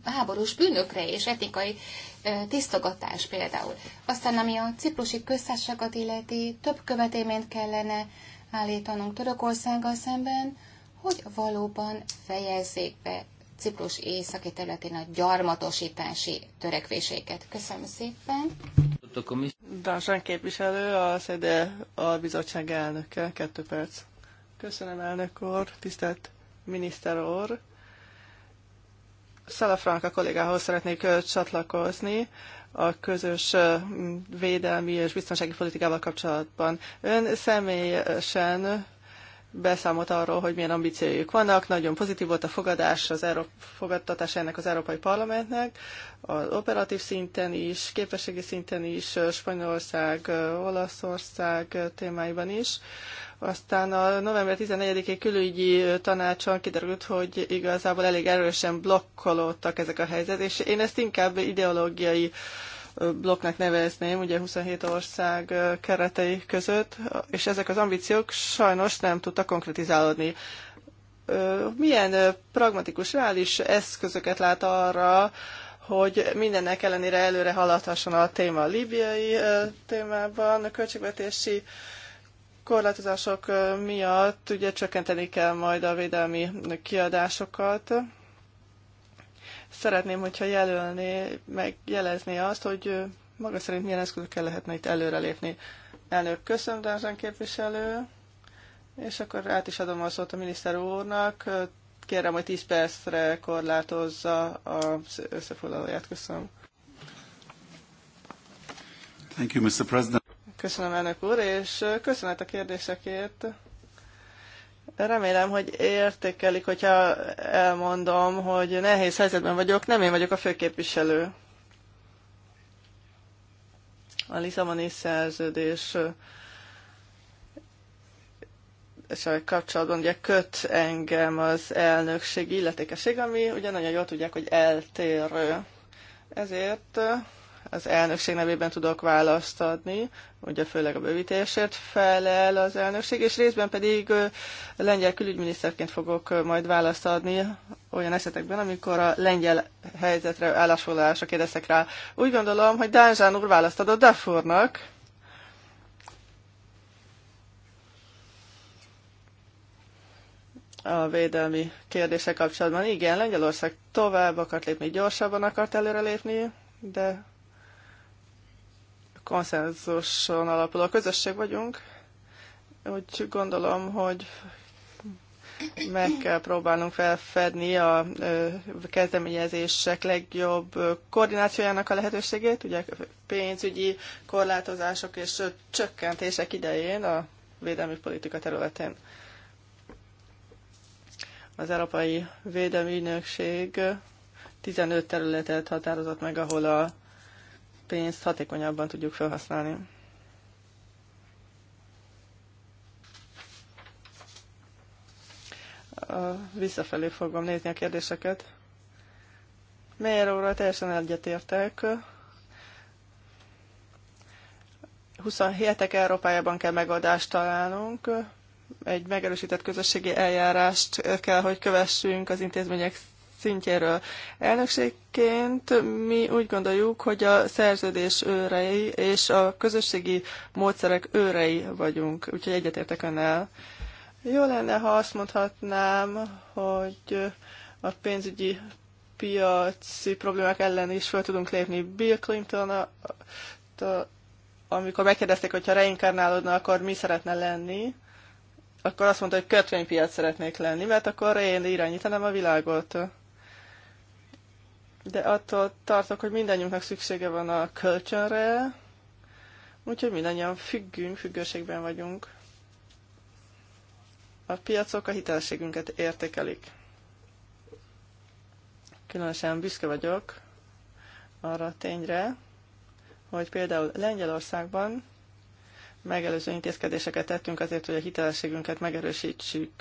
háborús bűnökre és etnikai tisztogatás például. Aztán, ami a ciprusi köztársaságot illeti, több követéményt kellene állítanunk Törökországgal szemben, hogy valóban fejezzék be Ciprus északi területén a gyarmatosítási törekvéseiket. Köszönöm szépen! Dánsan képviselő, a SZEDE bizottság elnöke, kettő perc. Köszönöm, elnök úr, tisztelt miniszter úr. Szalafranka kollégához szeretnék csatlakozni a közös védelmi és biztonsági politikával kapcsolatban. Ön személyesen beszámolt arról, hogy milyen ambíciójuk vannak. Nagyon pozitív volt a fogadás, az Euró- fogadtatás ennek az Európai Parlamentnek, az operatív szinten is, képességi szinten is, Spanyolország, Olaszország témáiban is. Aztán a november 14-i külügyi tanácson kiderült, hogy igazából elég erősen blokkolódtak ezek a helyzet, és én ezt inkább ideológiai uh, blokknak nevezném, ugye 27 ország keretei között, és ezek az ambíciók sajnos nem tudtak konkretizálódni. Milyen pragmatikus, reális eszközöket lát arra, hogy mindennek ellenére előre haladhasson a téma a libiai témában, a költségvetési korlátozások miatt ugye csökkenteni kell majd a védelmi kiadásokat, Szeretném, hogyha jelölné, megjelezné azt, hogy maga szerint milyen eszközökkel lehetne itt előrelépni. Elnök, köszönöm, Dárzsán képviselő. És akkor át is adom a szót a miniszter úrnak. Kérem, hogy 10 percre korlátozza az összefoglalóját. Köszönöm. Thank you, Mr. President. Köszönöm, elnök úr, és köszönet a kérdésekért. Remélem, hogy értékelik, hogyha elmondom, hogy nehéz helyzetben vagyok, nem én vagyok a főképviselő. A Lisszaboni szerződés eh, és a kapcsolatban ugye köt engem az elnökség illetékesség, ami ugye nagyon jól tudják, hogy eltérő. Ezért eh, az elnökség nevében tudok választ adni, ugye főleg a bővítésért felel az elnökség, és részben pedig lengyel külügyminiszterként fogok majd választ adni olyan esetekben, amikor a lengyel helyzetre, állásfoglalásra kérdeztek rá. Úgy gondolom, hogy Dánzsán úr választ adott Dafurnak, a védelmi kérdése kapcsolatban. Igen, Lengyelország tovább akart lépni, gyorsabban akart előrelépni, de konszenzuson alapuló közösség vagyunk. Úgy gondolom, hogy meg kell próbálnunk felfedni a kezdeményezések legjobb koordinációjának a lehetőségét, ugye pénzügyi korlátozások és csökkentések idején a védelmi politika területén. Az Európai Védelmi Ügynökség 15 területet határozott meg, ahol a pénzt hatékonyabban tudjuk felhasználni. Visszafelé fogom nézni a kérdéseket. Meyer óra teljesen egyetértek. 27 Európájában kell megoldást találnunk. Egy megerősített közösségi eljárást kell, hogy kövessünk az intézmények szintjéről. Elnökségként mi úgy gondoljuk, hogy a szerződés őrei és a közösségi módszerek őrei vagyunk, úgyhogy egyetértek önnel. Jó lenne, ha azt mondhatnám, hogy a pénzügyi piaci problémák ellen is fel tudunk lépni. Bill Clinton, a, a, amikor megkérdezték, hogy reinkarnálódna, akkor mi szeretne lenni, akkor azt mondta, hogy kötvénypiac szeretnék lenni, mert akkor én irányítanám a világot de attól tartok, hogy mindannyiunknak szüksége van a kölcsönre, úgyhogy mindannyian függünk, függőségben vagyunk. A piacok a hitelességünket értékelik. Különösen büszke vagyok arra a tényre, hogy például Lengyelországban megelőző intézkedéseket tettünk azért, hogy a hitelességünket megerősítsük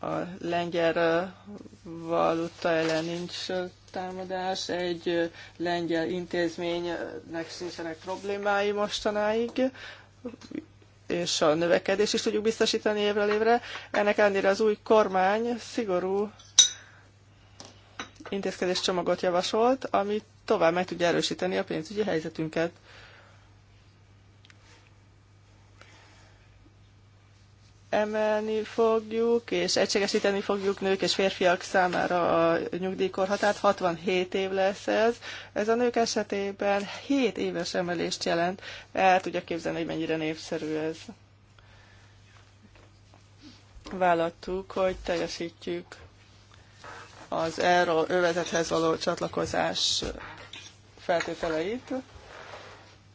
a lengyel valuta ellen nincs támadás, egy lengyel intézménynek sincsenek problémái mostanáig, és a növekedés is tudjuk biztosítani évről évre. Ennek ellenére az új kormány szigorú intézkedéscsomagot javasolt, ami tovább meg tudja erősíteni a pénzügyi helyzetünket. emelni fogjuk, és egységesíteni fogjuk nők és férfiak számára a nyugdíjkorhatát. 67 év lesz ez. Ez a nők esetében 7 éves emelést jelent. El tudja képzelni, hogy mennyire népszerű ez. Vállattuk, hogy teljesítjük az erről övezethez való csatlakozás feltételeit.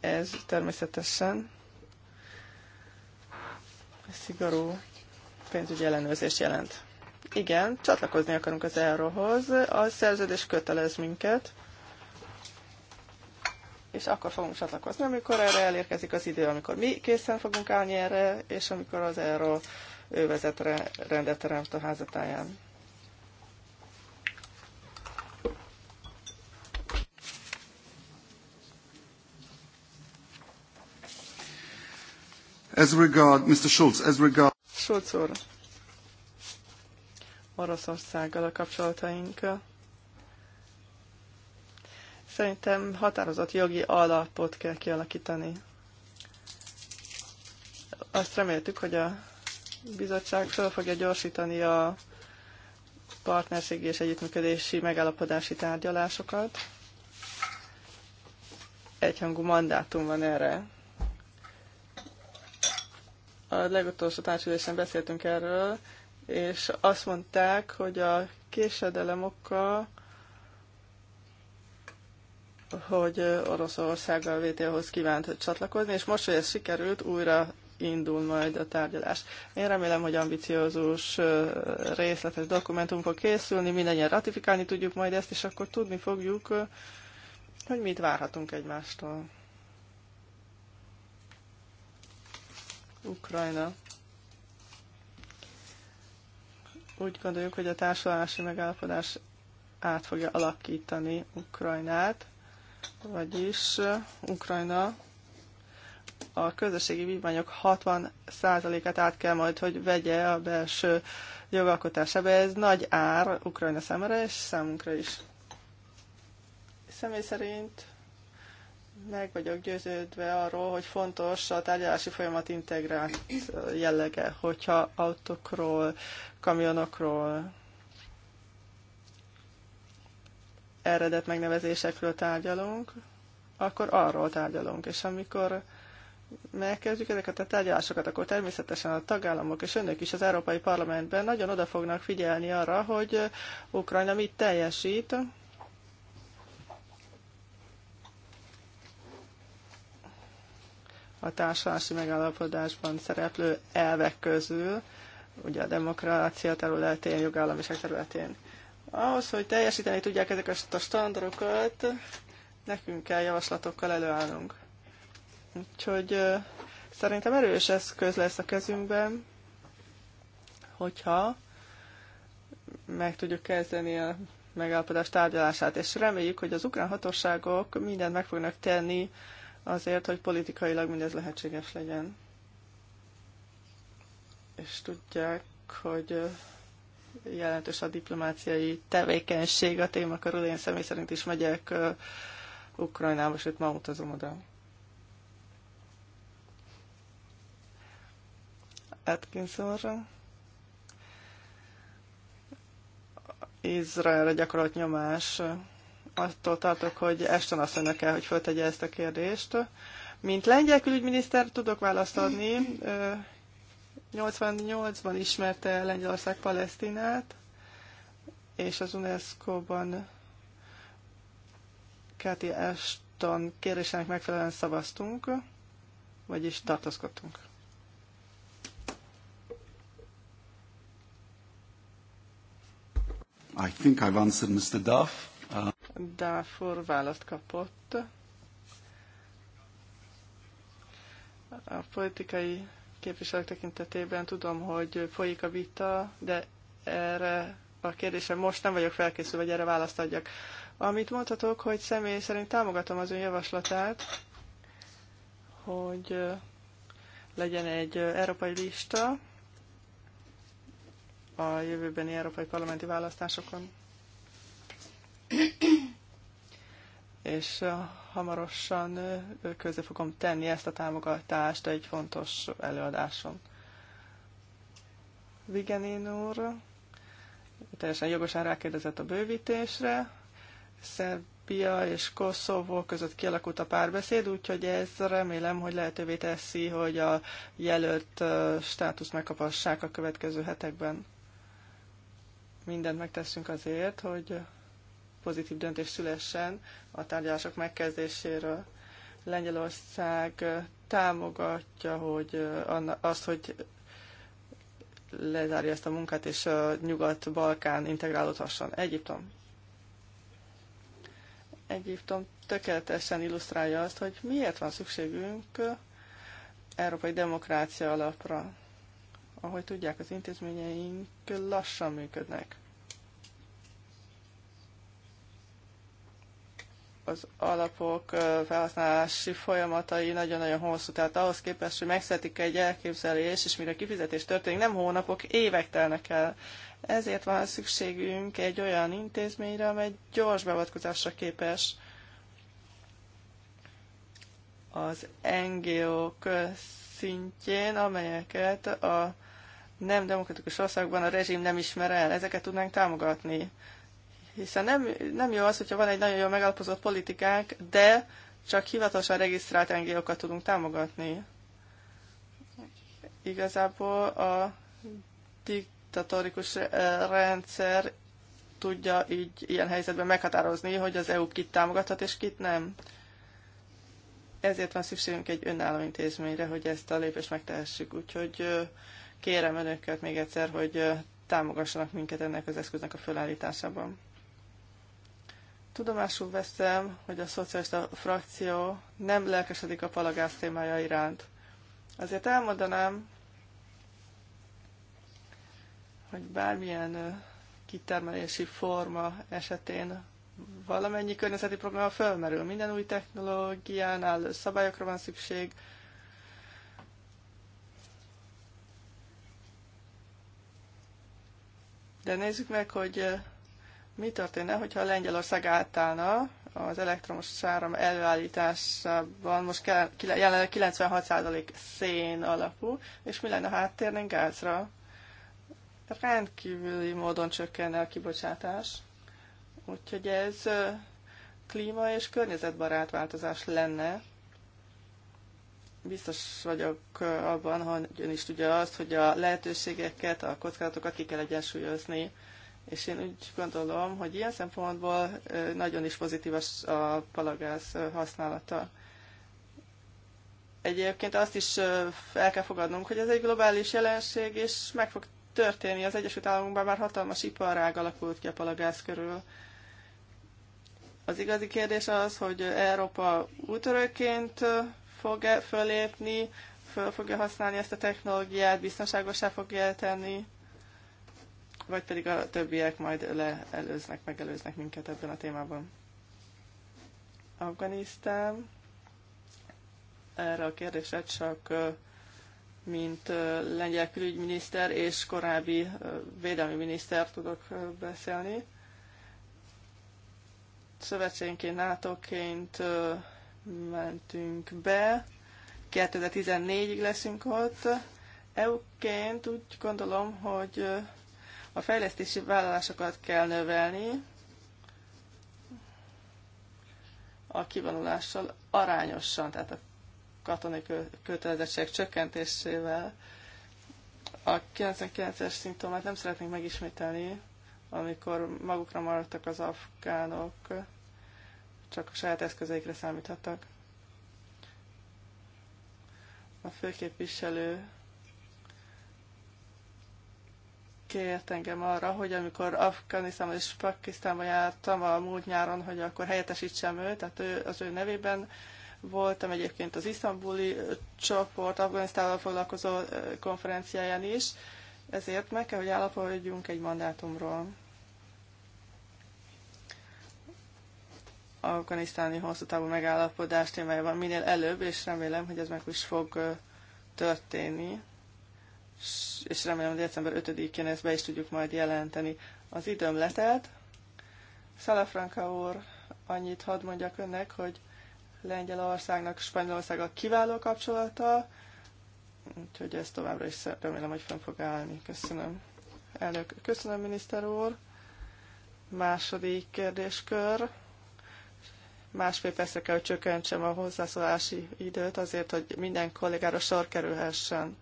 Ez természetesen szigorú pénzügyi ellenőrzést jelent. Igen, csatlakozni akarunk az euróhoz, a szerződés kötelez minket, és akkor fogunk csatlakozni, amikor erre elérkezik az idő, amikor mi készen fogunk állni erre, és amikor az euró övezetre rendet teremt a házatáján. As regard, Mr. Schulz, as regard... Schulz úr, Oroszországgal a kapcsolataink szerintem határozott jogi alapot kell kialakítani. Azt reméltük, hogy a bizottság fel fogja gyorsítani a partnerségi és együttműködési megállapodási tárgyalásokat. Egyhangú mandátum van erre. A legutolsó társadalmi beszéltünk erről, és azt mondták, hogy a késedelem oka, hogy Oroszországgal vto hoz kívánt csatlakozni, és most, hogy ez sikerült, újra indul majd a tárgyalás. Én remélem, hogy ambiciózus, részletes dokumentum fog készülni, mindannyian ratifikálni tudjuk majd ezt, és akkor tudni fogjuk, hogy mit várhatunk egymástól. Ukrajna. Úgy gondoljuk, hogy a társadalási megállapodás át fogja alakítani Ukrajnát, vagyis Ukrajna a közösségi vívmányok 60%-át át kell majd, hogy vegye a belső jogalkotásába. Ez nagy ár Ukrajna számára és számunkra is. Személy szerint meg vagyok győződve arról, hogy fontos a tárgyalási folyamat integrált jellege, hogyha autókról, kamionokról, eredet megnevezésekről tárgyalunk, akkor arról tárgyalunk. És amikor megkezdjük ezeket a tárgyalásokat, akkor természetesen a tagállamok és önök is az Európai Parlamentben nagyon oda fognak figyelni arra, hogy Ukrajna mit teljesít, a társadalmi megállapodásban szereplő elvek közül, ugye a demokrácia területén, jogállamiság területén. Ahhoz, hogy teljesíteni tudják ezeket a standardokat, nekünk kell javaslatokkal előállnunk. Úgyhogy szerintem erős eszköz lesz a kezünkben, hogyha meg tudjuk kezdeni a megállapodás tárgyalását, és reméljük, hogy az ukrán hatóságok mindent meg fognak tenni azért, hogy politikailag mindez lehetséges legyen. És tudják, hogy jelentős a diplomáciai tevékenység a téma körül. Én személy szerint is megyek Ukrajnába, sőt ma utazom oda. Atkinsonra. Izrael gyakorolt nyomás attól tartok, hogy Eston mondja kell, hogy föltegye ezt a kérdést. Mint lengyel külügyminiszter tudok választ adni. 88-ban ismerte Lengyelország Palesztinát, és az UNESCO-ban Káti Eston kérdésének megfelelően szavaztunk, vagyis tartózkodtunk. I think I've answered Mr. Duff. Dáfor választ kapott. A politikai képviselők tekintetében tudom, hogy folyik a vita, de erre a kérdésre most nem vagyok felkészülve, hogy erre választ adjak. Amit mondhatok, hogy személy szerint támogatom az ön javaslatát, hogy legyen egy európai lista a jövőbeni európai parlamenti választásokon és hamarosan közé fogom tenni ezt a támogatást egy fontos előadáson. Vigenin úr teljesen jogosan rákérdezett a bővítésre. Szerbia és Koszovó között kialakult a párbeszéd, úgyhogy ez remélem, hogy lehetővé teszi, hogy a jelölt státusz megkapassák a következő hetekben. Mindent megteszünk azért, hogy pozitív döntés szülessen a tárgyalások megkezdéséről. Lengyelország támogatja hogy azt, hogy lezárja ezt a munkát, és a Nyugat-Balkán integrálódhasson. Egyiptom. Egyiptom tökéletesen illusztrálja azt, hogy miért van szükségünk európai demokrácia alapra. Ahogy tudják, az intézményeink lassan működnek. az alapok felhasználási folyamatai nagyon-nagyon hosszú. Tehát ahhoz képest, hogy megszületik egy elképzelés, és mire kifizetés történik, nem hónapok, évek telnek el. Ezért van szükségünk egy olyan intézményre, amely gyors beavatkozásra képes. Az ngo szintjén, amelyeket a nem demokratikus országban a rezsim nem ismer el. Ezeket tudnánk támogatni. Hiszen nem, nem jó az, hogyha van egy nagyon jól megalapozott politikánk, de csak hivatalosan regisztrált NGO-kat tudunk támogatni. Igazából a diktatórikus rendszer tudja így ilyen helyzetben meghatározni, hogy az EU kit támogathat és kit nem. Ezért van szükségünk egy önálló intézményre, hogy ezt a lépést megtehessük. Úgyhogy kérem önöket még egyszer, hogy támogassanak minket ennek az eszköznek a fölállításában. Tudomásul veszem, hogy a szocialista frakció nem lelkesedik a palagáz témája iránt. Azért elmondanám, hogy bármilyen kitermelési forma esetén valamennyi környezeti probléma fölmerül. Minden új technológiánál szabályokra van szükség. De nézzük meg, hogy mi történne, hogyha Lengyelország átállna az elektromos áram előállításában, most jelenleg 96% szén alapú, és mi lenne, ha áttérnénk gázra? Rendkívüli módon csökkenne a kibocsátás, úgyhogy ez klíma és környezetbarát változás lenne, biztos vagyok abban, hogy ön is tudja azt, hogy a lehetőségeket, a kockázatokat ki kell egyensúlyozni. És én úgy gondolom, hogy ilyen szempontból nagyon is pozitív a palagáz használata. Egyébként azt is el kell fogadnunk, hogy ez egy globális jelenség, és meg fog történni. Az Egyesült Államokban már hatalmas iparág alakult ki a palagáz körül. Az igazi kérdés az, hogy Európa útörőként fog-e fölépni, föl fogja használni ezt a technológiát, biztonságosá fogja tenni, vagy pedig a többiek majd leelőznek, megelőznek minket ebben a témában. Afganisztán. Erre a kérdésre csak mint lengyel külügyminiszter és korábbi védelmi miniszter tudok beszélni. Szövetségként, NATO-ként mentünk be, 2014-ig leszünk ott. EU-ként úgy gondolom, hogy a fejlesztési vállalásokat kell növelni a kivonulással arányosan, tehát a katonai kötelezettség csökkentésével. A 99-es szintomát nem szeretnénk megismételni, amikor magukra maradtak az afgánok, csak a saját eszközeikre számíthattak. A főképviselő kért engem arra, hogy amikor Afganisztánban és Pakisztánban jártam a múlt nyáron, hogy akkor helyettesítsem őt, tehát ő, az ő nevében voltam egyébként az isztambuli csoport Afganisztánnal foglalkozó konferenciáján is, ezért meg kell, hogy állapodjunk egy mandátumról. afganisztáni hosszú távú megállapodás témájában minél előbb, és remélem, hogy ez meg is fog történni és remélem, hogy december 5-én ezt be is tudjuk majd jelenteni. Az időm letelt. Szalafranka úr, annyit hadd mondjak önnek, hogy Lengyelországnak Spanyolországgal kiváló kapcsolata, úgyhogy ezt továbbra is remélem, hogy fenn fog állni. Köszönöm. Elnök, köszönöm, miniszter úr. Második kérdéskör. Másfél percre kell, hogy csökkentsem a hozzászólási időt azért, hogy minden kollégára sor kerülhessen.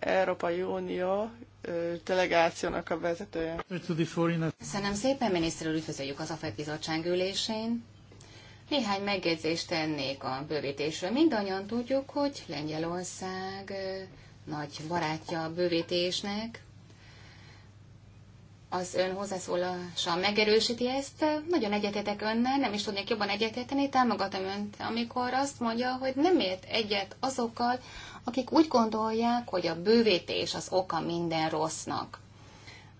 Európai Unió delegációnak a vezetője. Köszönöm szépen, miniszter úr, üdvözöljük az AFET bizottság ülésén. Néhány megjegyzést tennék a bővítésről. Mindannyian tudjuk, hogy Lengyelország nagy barátja a bővítésnek. Az ön hozzászólása megerősíti ezt. Nagyon egyetetek önnel, nem is tudnék jobban egyetetni, támogatom önt, amikor azt mondja, hogy nem ért egyet azokkal, akik úgy gondolják, hogy a bővítés az oka minden rossznak,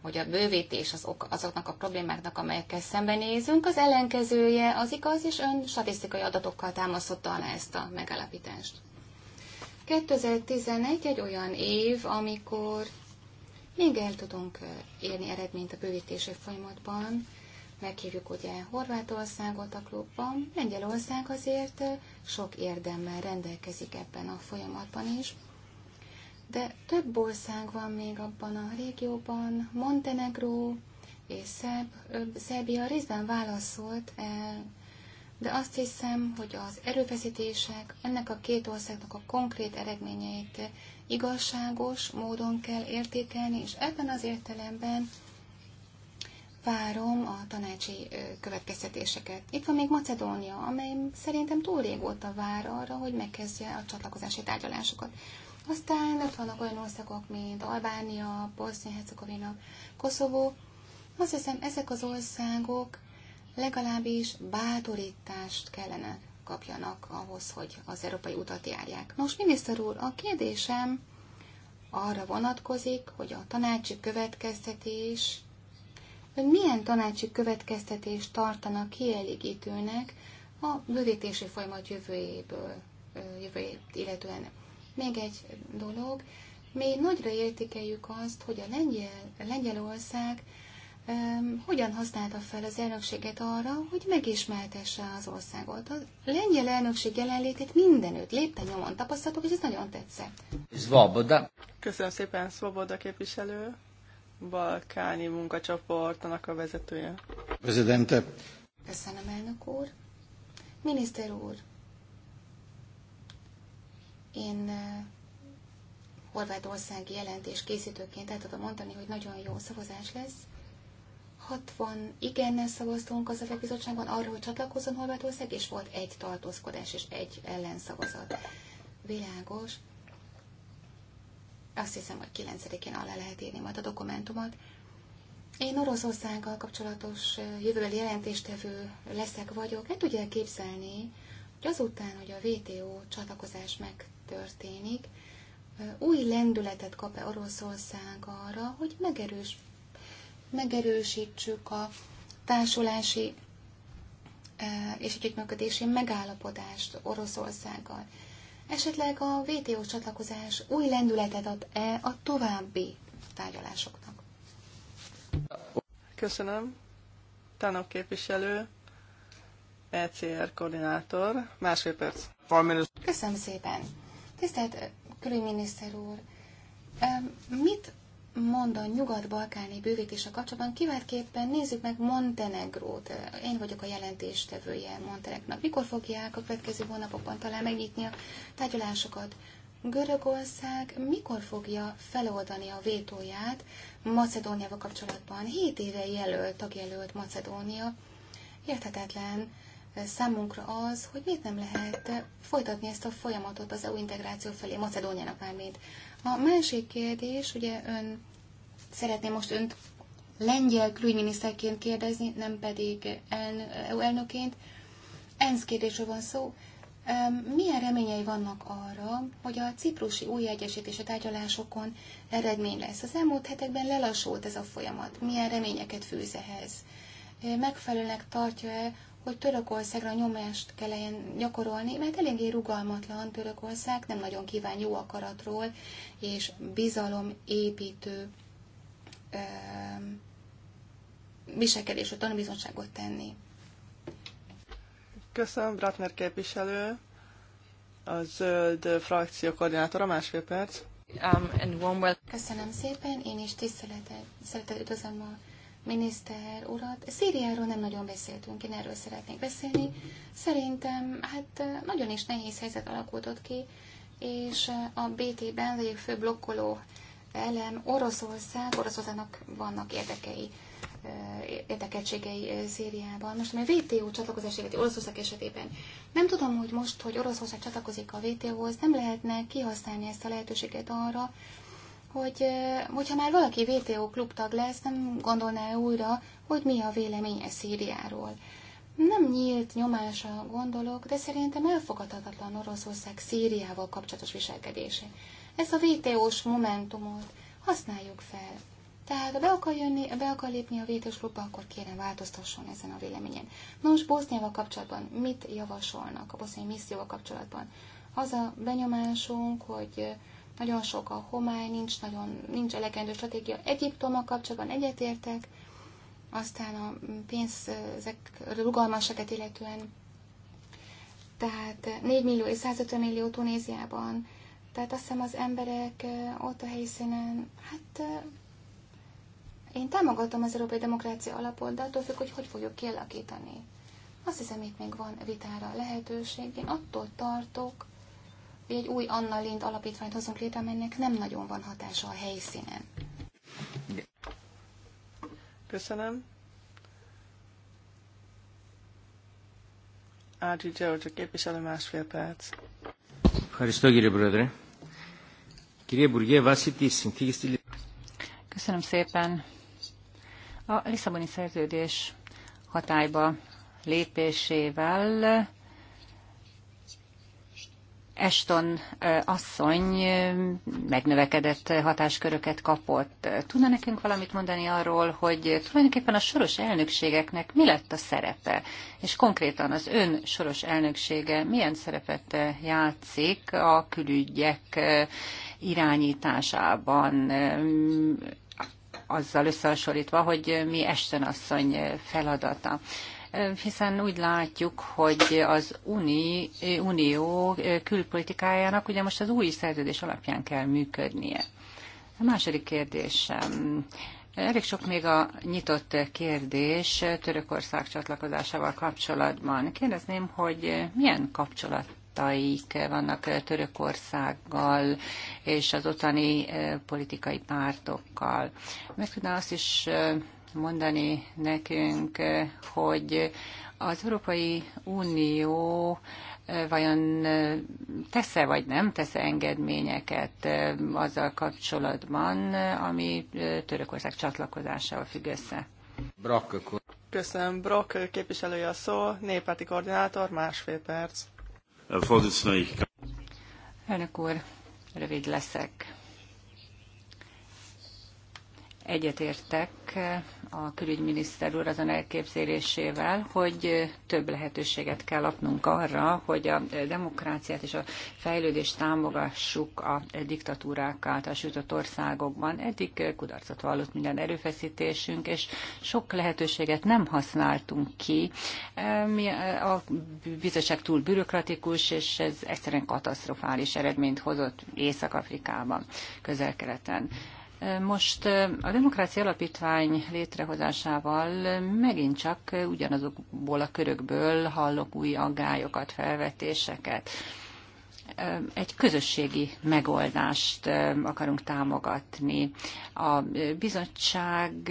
hogy a bővítés az oka azoknak a problémáknak, amelyekkel szembenézünk, az ellenkezője az igaz, és ön statisztikai adatokkal támasztotta alá ezt a megállapítást. 2011 egy olyan év, amikor még el tudunk eh, érni eredményt a bővítési folyamatban, Meghívjuk ugye Horvátországot a klubban, Lengyelország azért sok érdemmel rendelkezik ebben a folyamatban is, de több ország van még abban a régióban, Montenegró és Szerb, Szerbia részben válaszolt el, de azt hiszem, hogy az erőfeszítések ennek a két országnak a konkrét eredményeit igazságos módon kell értékelni, és ebben az értelemben várom a tanácsi következtetéseket. Itt van még Macedónia, amely szerintem túl régóta vár arra, hogy megkezdje a csatlakozási tárgyalásokat. Aztán ott vannak olyan országok, mint Albánia, Bosznia-Hercegovina, Koszovó. Azt hiszem, ezek az országok legalábbis bátorítást kellene kapjanak ahhoz, hogy az európai utat járják. Nos, miniszter úr, a kérdésem arra vonatkozik, hogy a tanácsi következtetés hogy milyen tanácsi következtetést tartanak kielégítőnek a bővítési folyamat jövőjéből, jövőjét illetően. Még egy dolog, mi nagyra értékeljük azt, hogy a Lengyel, Lengyelország um, hogyan használta fel az elnökséget arra, hogy megismertesse az országot. A lengyel elnökség jelenlétét mindenütt lépte nyomon tapasztaltuk, és ez nagyon tetszett. Svoboda. Köszönöm szépen, Svoboda képviselő balkáni munkacsoportnak a vezetője. Presidente. Köszönöm, elnök úr. Miniszter úr, én eh, horvátországi jelentés készítőként el tudom mondani, hogy nagyon jó szavazás lesz. 60 igennel szavaztunk az EFEK bizottságban arra, hogy csatlakozzon Horvátország, és volt egy tartózkodás és egy ellenszavazat. Világos, azt hiszem, hogy 9-én alá lehet írni majd a dokumentumot. Én Oroszországgal kapcsolatos jövőbeli jelentéstevő leszek vagyok. El tudja képzelni, hogy azután, hogy a VTO csatlakozás megtörténik, új lendületet kap-e Oroszország arra, hogy megerős, megerősítsük a társulási és együttműködési megállapodást Oroszországgal. Esetleg a VTO csatlakozás új lendületet ad-e a további tárgyalásoknak? Köszönöm. Tanok képviselő, ECR koordinátor, másfél perc. Köszönöm szépen. Tisztelt külügyminiszter úr, mit mond a nyugat-balkáni a kapcsolatban, kiváltképpen nézzük meg Montenegrót. Én vagyok a jelentéstevője Montenegnak. Mikor fogják a következő hónapokban talán megnyitni a tárgyalásokat? Görögország mikor fogja feloldani a vétóját Macedóniával kapcsolatban? Hét éve jelölt, tagjelölt Macedónia. Érthetetlen, számunkra az, hogy miért nem lehet folytatni ezt a folyamatot az EU integráció felé, Macedóniának mármint. mint. A másik kérdés, ugye ön, szeretném most önt lengyel külügyminiszterként kérdezni, nem pedig EU e elnöként. ENSZ kérdésről van szó. Milyen reményei vannak arra, hogy a ciprusi új a tárgyalásokon eredmény lesz? Az elmúlt hetekben lelassult ez a folyamat. Milyen reményeket fűz ehhez? Megfelelőnek tartja-e hogy Törökországra nyomást kelljen gyakorolni, mert eléggé rugalmatlan Törökország, nem nagyon kíván jó akaratról és bizalomépítő ö, viselkedésre tanúbizonságot tenni. Köszönöm, Bratner képviselő, a zöld frakció koordinátora, másfél perc. Um, Köszönöm szépen, én is tisztelettel üdvözlöm a miniszter urat. Szíriáról nem nagyon beszéltünk, én erről szeretnék beszélni. Szerintem hát nagyon is nehéz helyzet alakult ki, és a BT-ben az egyik fő blokkoló elem Oroszország, Oroszországnak vannak érdekei érdekeltségei Szíriában. Most, ami a WTO csatlakozás illeti Oroszország esetében, nem tudom, hogy most, hogy Oroszország csatlakozik a WTO-hoz, nem lehetne kihasználni ezt a lehetőséget arra, hogy hogyha már valaki VTO klubtag lesz, nem gondolná -e újra, hogy mi a véleménye Szíriáról. Nem nyílt nyomásra gondolok, de szerintem elfogadhatatlan Oroszország Szíriával kapcsolatos viselkedése. Ez a VTO-s momentumot használjuk fel. Tehát ha be akar, jönni, be akar lépni a VTO-s klubba, akkor kérem változtasson ezen a véleményen. Nos, Boszniával kapcsolatban mit javasolnak a boszniai misszióval kapcsolatban? Az a benyomásunk, hogy nagyon sok a homály, nincs, nagyon, nincs elegendő stratégia. Egyiptoma kapcsolatban egyetértek, aztán a pénz, ezek rugalmasságet illetően, tehát 4 millió és 150 millió Tunéziában, tehát azt hiszem az emberek ott a helyszínen, hát én támogatom az Európai Demokrácia alapot, de attól függ, hogy hogy fogjuk kialakítani. Azt hiszem, itt még van vitára lehetőség. Én attól tartok, hogy egy új Anna Lind alapítványt hozunk létre, amelynek nem nagyon van hatása a helyszínen. Köszönöm. Ádri Gyorgya képviselő másfél perc. Köszönöm szépen. A Lisszaboni szerződés hatályba lépésével Eston asszony megnövekedett hatásköröket kapott. Tudna nekünk valamit mondani arról, hogy tulajdonképpen a soros elnökségeknek mi lett a szerepe? És konkrétan az ön soros elnöksége milyen szerepet játszik a külügyek irányításában? azzal összehasonlítva, hogy mi Eston asszony feladata hiszen úgy látjuk, hogy az uni, unió külpolitikájának ugye most az új szerződés alapján kell működnie. A második kérdésem. Elég sok még a nyitott kérdés Törökország csatlakozásával kapcsolatban. Kérdezném, hogy milyen kapcsolat vannak Törökországgal és az ottani eh, politikai pártokkal. Meg tudná azt is eh, mondani nekünk, hogy az Európai Unió eh, vajon eh, tesz-e vagy nem tesz -e engedményeket eh, azzal kapcsolatban, ami Törökország csatlakozásával függ össze? Köszönöm, Brock képviselője a szó, néppárti koordinátor, másfél perc. Elnök úr, rövid leszek. Egyetértek a külügyminiszter úr azon elképzelésével, hogy több lehetőséget kell adnunk arra, hogy a demokráciát és a fejlődést támogassuk a diktatúrák által sütött országokban. Eddig kudarcot vallott minden erőfeszítésünk, és sok lehetőséget nem használtunk ki. Mi a bizottság túl bürokratikus, és ez egyszerűen katasztrofális eredményt hozott Észak-Afrikában, közel-keleten. Most a demokrácia alapítvány létrehozásával megint csak ugyanazokból a körökből hallok új aggályokat, felvetéseket. Egy közösségi megoldást akarunk támogatni. A bizottság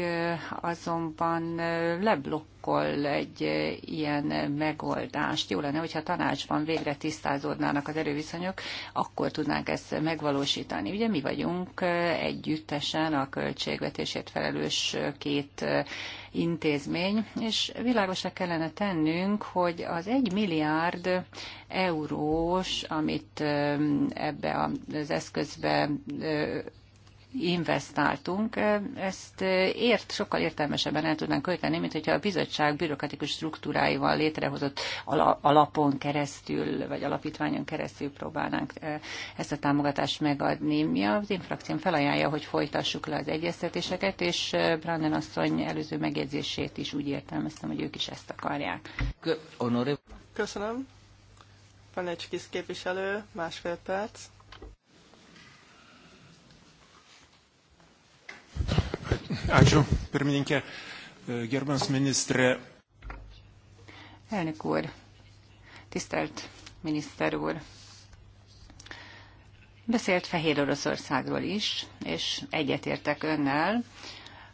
azonban leblokk indokolt egy eh, ilyen megoldást. Jó lenne, hogyha tanácsban végre tisztázódnának az erőviszonyok, akkor tudnánk ezt megvalósítani. Ugye mi vagyunk eh, együttesen a költségvetésért felelős eh, két intézmény, és világosra kellene tennünk, hogy az egy milliárd eurós, amit ebbe az eszközbe investáltunk, ezt ért, sokkal értelmesebben el tudnánk költeni, mint hogyha a bizottság bürokratikus struktúráival létrehozott alapon keresztül, vagy alapítványon keresztül próbálnánk ezt a támogatást megadni. Mi az infrakcióm felajánlja, hogy folytassuk le az egyeztetéseket, és Branden asszony előző megjegyzését is úgy értelmeztem, hogy ők is ezt akarják. Köszönöm. Panecskis képviselő, másfél perc. Ácsú, pirmininkė, e, gerbiamas minisztre. Elnök úr, tisztelt miniszter úr, beszélt Fehér Oroszországról is, és egyetértek önnel,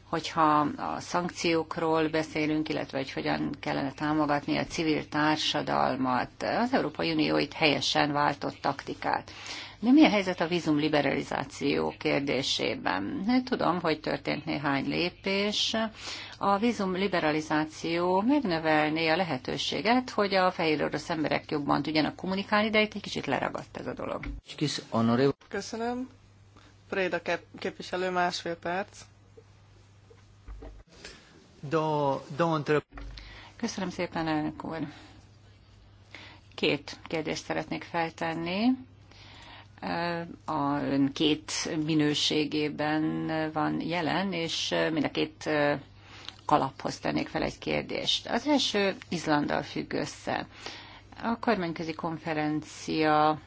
hogyha a szankciókról beszélünk, illetve hogy hogyan kellene támogatni a civil társadalmat. Az Európai Unió itt helyesen váltott taktikát. De mi a helyzet a vízum liberalizáció kérdésében? Hát tudom, hogy történt néhány lépés. A vízum liberalizáció megnövelné a lehetőséget, hogy a fehér orosz emberek jobban tudjanak kommunikálni, de itt egy kicsit leragadt ez a dolog. Köszönöm. Préda képviselő másfél perc. Do, don't... Köszönöm szépen, elnök úr. Két kérdést szeretnék feltenni a ön két minőségében van jelen, és mind a két kalaphoz tennék fel egy kérdést. Az első Izlandal függ össze. A kormányközi konferencia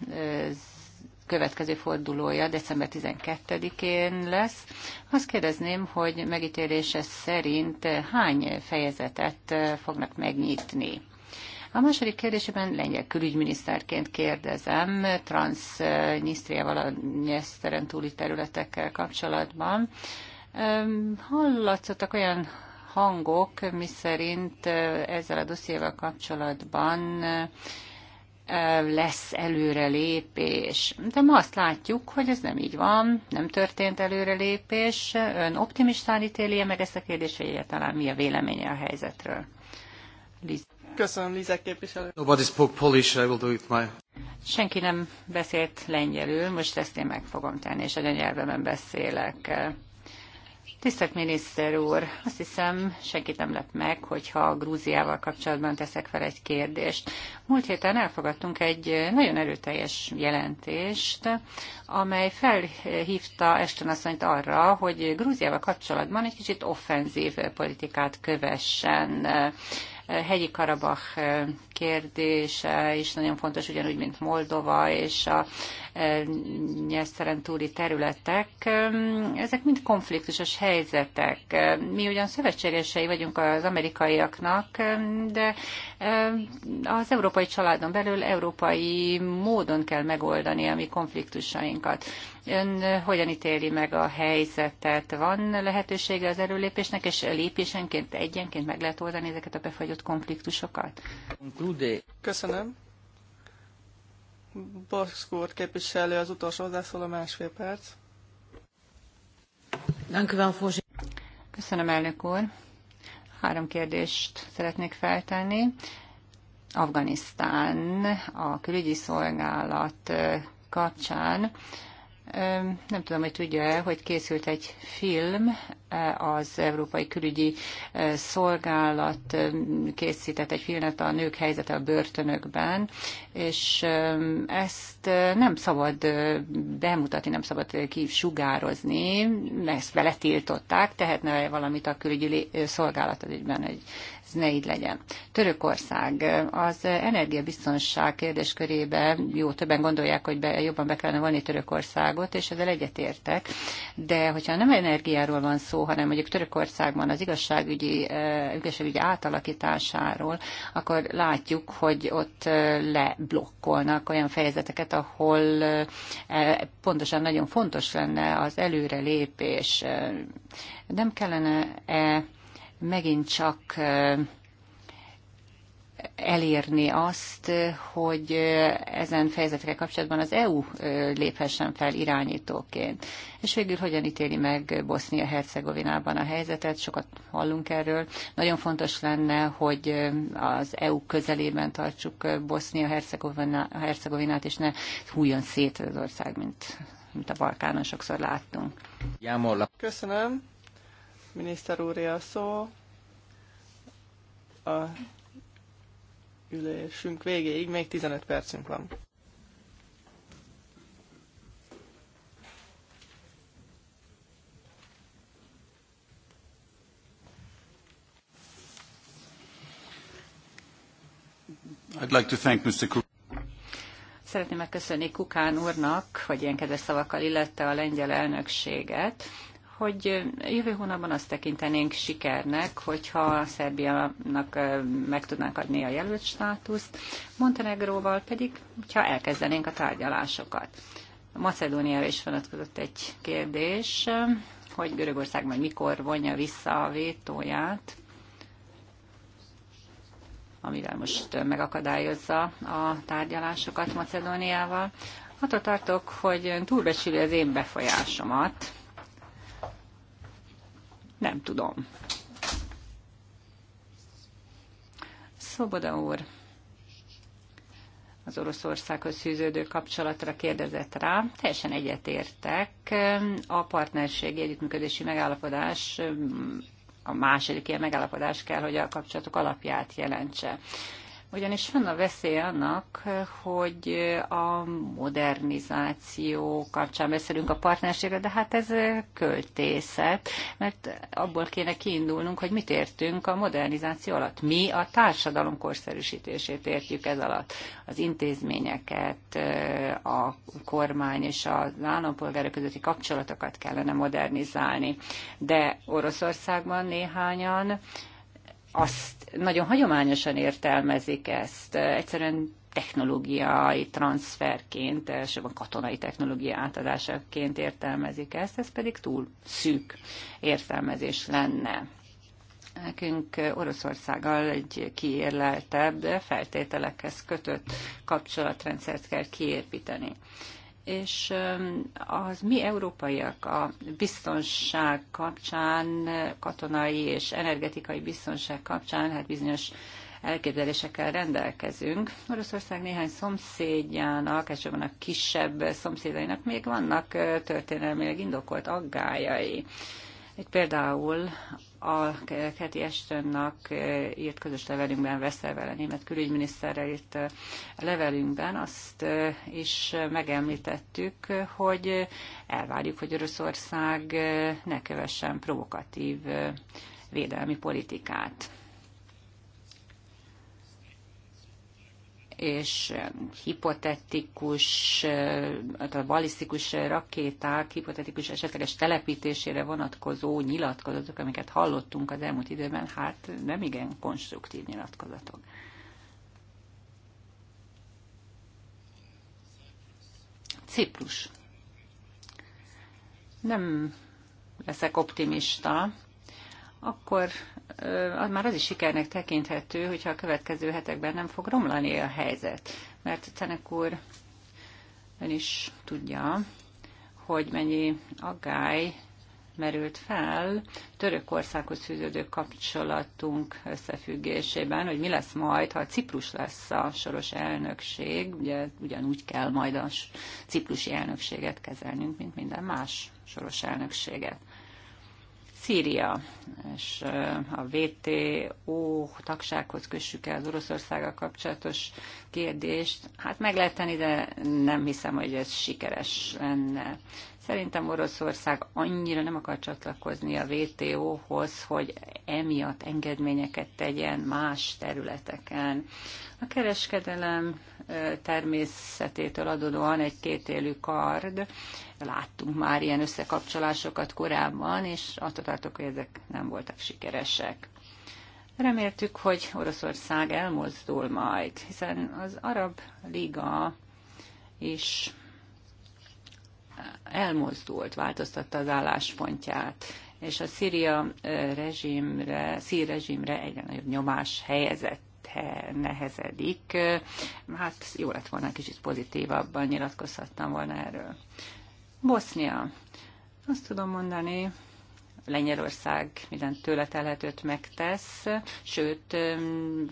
következő fordulója december 12-én lesz. Azt kérdezném, hogy megítélése szerint hány fejezetet fognak megnyitni a második kérdésében lengyel külügyminiszterként kérdezem, Transnistriával a nyeszteren túli területekkel kapcsolatban. Hallatszottak olyan hangok, miszerint ezzel a dossziéval kapcsolatban lesz előrelépés. De ma azt látjuk, hogy ez nem így van, nem történt előrelépés. Ön optimistán ítélje meg ezt a kérdést, vagy egyáltalán mi a véleménye a helyzetről? Liz. Köszönöm, Lizek képviselő. Nobody spoke Polish, I will do it my... Senki nem beszélt lengyelül, most ezt én meg fogom tenni, és anyanyelvemen beszélek. Tisztelt miniszter úr, azt hiszem, senkit nem lep meg, hogyha Grúziával kapcsolatban teszek fel egy kérdést. Múlt héten elfogadtunk egy nagyon erőteljes jelentést, amely felhívta Eston asszonyt arra, hogy Grúziával kapcsolatban egy kicsit offenzív politikát kövessen hegyi Karabach kérdése is nagyon fontos, ugyanúgy, mint Moldova és a nyeszteren túli területek, ezek mind konfliktusos helyzetek. Mi ugyan szövetségesei vagyunk az amerikaiaknak, de e, az európai családon belül európai módon kell megoldani a mi konfliktusainkat. Ön hogyan ítéli meg a helyzetet? Van lehetősége az erőlépésnek, és lépésenként, egyenként meg lehet oldani ezeket a befagyott konfliktusokat? Köszönöm. Boszkúr képviselő az utolsó hozzászóló másfél perc. Köszönöm, elnök úr. Három kérdést szeretnék feltenni. Afganisztán, a külügyi szolgálat kapcsán nem tudom, hogy tudja-e, hogy készült egy film, az Európai Külügyi Szolgálat készített egy filmet a nők helyzete a börtönökben, és ezt nem szabad bemutatni, nem szabad kisugározni, ezt beletiltották, tiltották, tehetne valamit a külügyi szolgálat ügyben, egy ez ne így legyen. Törökország az energiabiztonság kérdéskörébe, jó, többen gondolják, hogy be, jobban be kellene vonni Törökországot, és ezzel egyetértek, de hogyha nem energiáról van szó, hanem mondjuk Törökországban az igazságügyi, eh, igazságügyi átalakításáról, akkor látjuk, hogy ott eh, leblokkolnak olyan fejezeteket, ahol eh, pontosan nagyon fontos lenne az előrelépés. Nem kellene -e megint csak elérni azt, hogy ezen fejezetekkel kapcsolatban az EU léphessen fel irányítóként. És végül hogyan ítéli meg Bosznia-Hercegovinában a helyzetet? Sokat hallunk erről. Nagyon fontos lenne, hogy az EU közelében tartsuk Bosznia-Hercegovinát, és ne hújon szét az ország, mint, mint a Balkánon sokszor láttunk. Köszönöm. Miniszter úr a szó. A ülésünk végéig még 15 percünk van. I'd like to thank Mr. Kuk Szeretném megköszönni Kukán úrnak, hogy ilyen kedves szavakkal illette a lengyel elnökséget hogy jövő hónapban azt tekintenénk sikernek, hogyha Szerbiának meg tudnánk adni a jelölt státuszt, Montenegróval pedig, hogyha elkezdenénk a tárgyalásokat. A Macedóniára is vonatkozott egy kérdés, hogy Görögország majd mikor vonja vissza a vétóját, amivel most megakadályozza a tárgyalásokat Macedóniával. Attól tartok, hogy túlbecsüli az én befolyásomat, nem tudom. Szoboda úr az Oroszországhoz szűződő kapcsolatra kérdezett rá. Teljesen egyetértek. A partnerségi együttműködési megállapodás, a második ilyen megállapodás kell, hogy a kapcsolatok alapját jelentse ugyanis van a veszély annak, hogy a modernizáció kapcsán beszélünk a partnerségre, de hát ez költészet, mert abból kéne kiindulnunk, hogy mit értünk a modernizáció alatt. Mi a társadalom korszerűsítését értjük ez alatt. Az intézményeket, a kormány és az állampolgárok közötti kapcsolatokat kellene modernizálni. De Oroszországban néhányan azt nagyon hagyományosan értelmezik ezt, egyszerűen technológiai transferként, elsősorban katonai technológia átadásaként értelmezik ezt, ez pedig túl szűk értelmezés lenne. Nekünk Oroszországgal egy kiérleltebb feltételekhez kötött kapcsolatrendszert kell kiépíteni és az mi európaiak a biztonság kapcsán, katonai és energetikai biztonság kapcsán, hát bizonyos elképzelésekkel rendelkezünk. Oroszország néhány szomszédjának, elsősorban a kisebb szomszédainak még vannak történelmileg indokolt aggájai. Egy például a Keti Estonnak eh, írt közös levelünkben, Veszelvel, a német külügyminiszterrel írt eh, levelünkben azt eh, is megemlítettük, hogy elvárjuk, hogy Oroszország ne kövessen provokatív védelmi politikát. és um, hipotetikus, uh, a balisztikus rakéták hipotetikus esetleges telepítésére vonatkozó nyilatkozatok, amiket hallottunk az elmúlt időben, hát nem igen konstruktív nyilatkozatok. Ciprus. Nem leszek optimista, akkor az már az is sikernek tekinthető, hogyha a következő hetekben nem fog romlani a helyzet. Mert Cenek úr ön is tudja, hogy mennyi aggály merült fel Törökországhoz fűződő kapcsolatunk összefüggésében, hogy mi lesz majd, ha Ciprus lesz a soros elnökség, ugye ugyanúgy kell majd a ciprusi elnökséget kezelnünk, mint minden más soros elnökséget. Szíria, és a WTO tagsághoz kössük el az Oroszországgal kapcsolatos kérdést. Hát meg lehet tenni, de nem hiszem, hogy ez sikeres lenne. Szerintem Oroszország annyira nem akar csatlakozni a WTO-hoz, hogy emiatt engedményeket tegyen más területeken. A kereskedelem természetétől adódóan egy kétélű kard. Láttunk már ilyen összekapcsolásokat korábban, és attól tartok, hogy ezek nem voltak sikeresek. Reméltük, hogy Oroszország elmozdul majd, hiszen az Arab Liga is elmozdult, változtatta az álláspontját, és a Szíria rezsimre, szír rezsimre egyre nagyobb nyomás helyezett nehezedik. Hát jó lett volna, kicsit pozitívabban nyilatkozhattam volna erről. Bosznia. Azt tudom mondani, Lengyelország minden tőle telhetőt megtesz, sőt,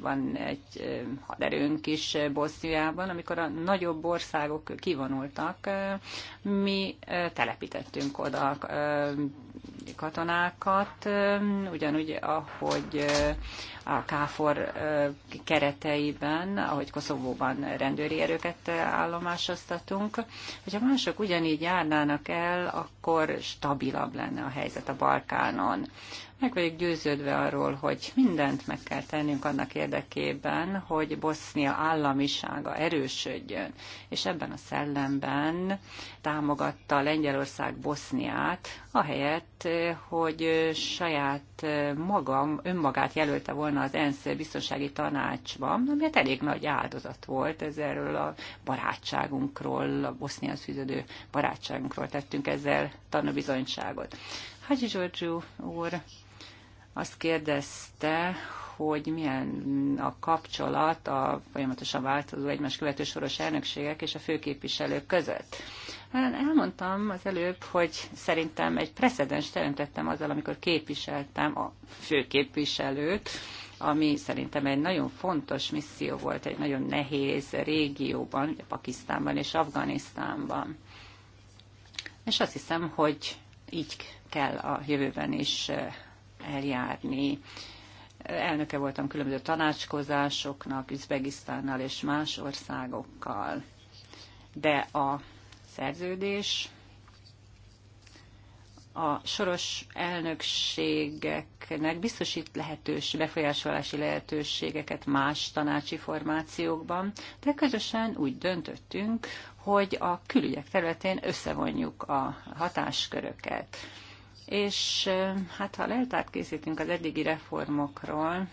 van egy haderőnk is Boszniában, amikor a nagyobb országok kivonultak, mi telepítettünk oda katonákat, ugyanúgy, ahogy a KFOR kereteiben, ahogy Koszovóban rendőri erőket állomásoztatunk. Hogyha mások ugyanígy járnának el, akkor stabilabb lenne a helyzet a Balkánon. Meg vagyok győződve arról, hogy mindent meg kell tennünk annak érdekében, hogy Bosznia államisága erősödjön, és ebben a szellemben támogatta Lengyelország Boszniát, ahelyett, hogy saját magam, önmagát jelölte volna volna az ENSZ biztonsági tanácsban, ami hát elég nagy áldozat volt, ez erről a barátságunkról, a bosznia szűződő barátságunkról tettünk ezzel tanúbizonyságot. Hagyi Zsorgyú úr azt kérdezte, hogy milyen a kapcsolat a folyamatosan változó egymás követő soros elnökségek és a főképviselők között. Elmondtam az előbb, hogy szerintem egy precedens teremtettem azzal, amikor képviseltem a főképviselőt, ami szerintem egy nagyon fontos misszió volt egy nagyon nehéz régióban, ugye Pakisztánban és Afganisztánban. És azt hiszem, hogy így kell a jövőben is eh, eljárni. Elnöke voltam különböző tanácskozásoknak, Üzbegisztánnal és más országokkal. De a szerződés a soros elnökségeknek biztosít lehetős befolyásolási lehetőségeket más tanácsi formációkban, de közösen úgy döntöttünk, hogy a külügyek területén összevonjuk a hatásköröket. És hát ha leltárt készítünk az eddigi reformokról,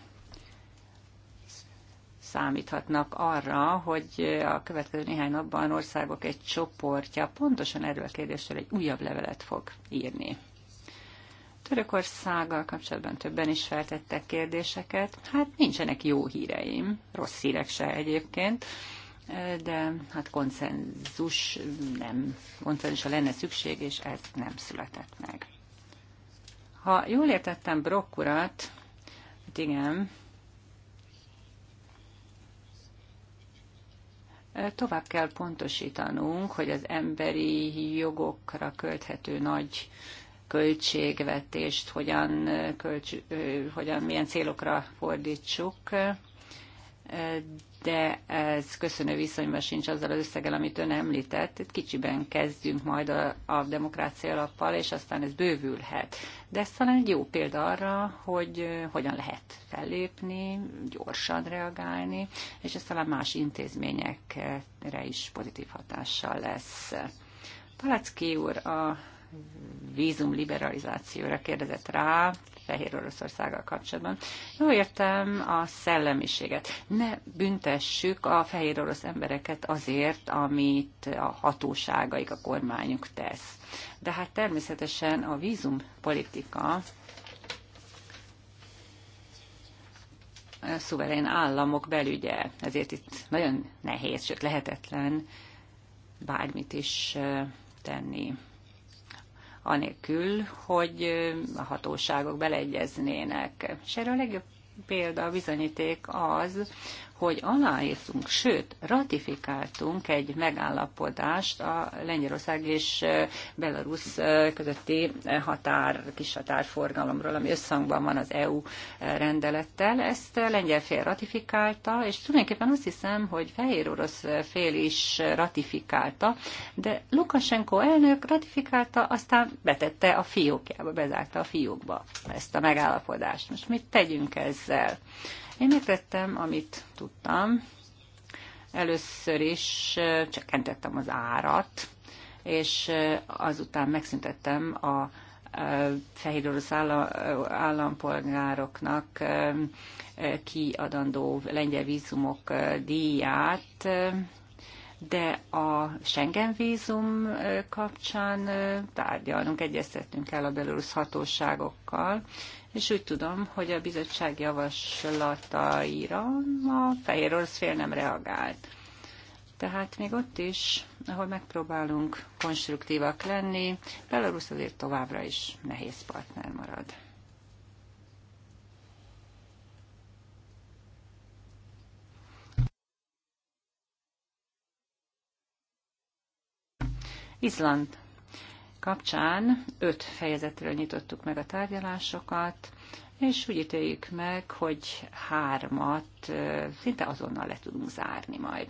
számíthatnak arra, hogy a következő néhány napban országok egy csoportja pontosan erről a kérdésről egy újabb levelet fog írni. Törökországgal kapcsolatban többen is feltettek kérdéseket. Hát nincsenek jó híreim, rossz hírek se egyébként, de hát konszenzus nem, konszenzusra lenne szükség, és ez nem született meg. Ha jól értettem Brock urat, hát igen, Tovább kell pontosítanunk, hogy az emberi jogokra költhető nagy költségvetést hogyan, költs, hogyan milyen célokra fordítsuk, de ez köszönő viszonyban sincs azzal az összeggel, amit ön említett. Itt kicsiben kezdjünk majd a, a demokrácia alappal, és aztán ez bővülhet. De ez talán egy jó példa arra, hogy hogyan lehet fellépni, gyorsan reagálni, és ez talán más intézményekre is pozitív hatással lesz. Palacki úr a vízum liberalizációra kérdezett rá, Fehér Oroszországgal kapcsolatban. Jó értem a szellemiséget. Ne büntessük a fehér orosz embereket azért, amit a hatóságaik, a kormányuk tesz. De hát természetesen a vízumpolitika szuverén államok belügye, ezért itt nagyon nehéz, sőt lehetetlen bármit is tenni anélkül, hogy a hatóságok beleegyeznének. És erre a legjobb példa, a bizonyíték az, hogy aláírtunk, sőt, ratifikáltunk egy megállapodást a Lengyelország és Belarus közötti határ, kis határforgalomról, ami összhangban van az EU rendelettel. Ezt lengyel fél ratifikálta, és tulajdonképpen azt hiszem, hogy fehér orosz fél is ratifikálta, de Lukashenko elnök ratifikálta, aztán betette a fiókjába, bezárta a fiókba ezt a megállapodást. Most mit tegyünk ezzel? Én értettem, amit tudtam. Először is csökkentettem az árat, és azután megszüntettem a fehér orosz állampolgároknak kiadandó lengyel vízumok díját, de a Schengen vízum kapcsán tárgyalunk, egyeztettünk el a belorusz hatóságokkal, és úgy tudom, hogy a bizottság javaslataira a fehér orosz fél nem reagált. Tehát még ott is, ahol megpróbálunk konstruktívak lenni, Belarus azért továbbra is nehéz partner marad. Izland kapcsán öt fejezetről nyitottuk meg a tárgyalásokat, és úgy ítéljük meg, hogy hármat szinte azonnal le tudunk zárni majd.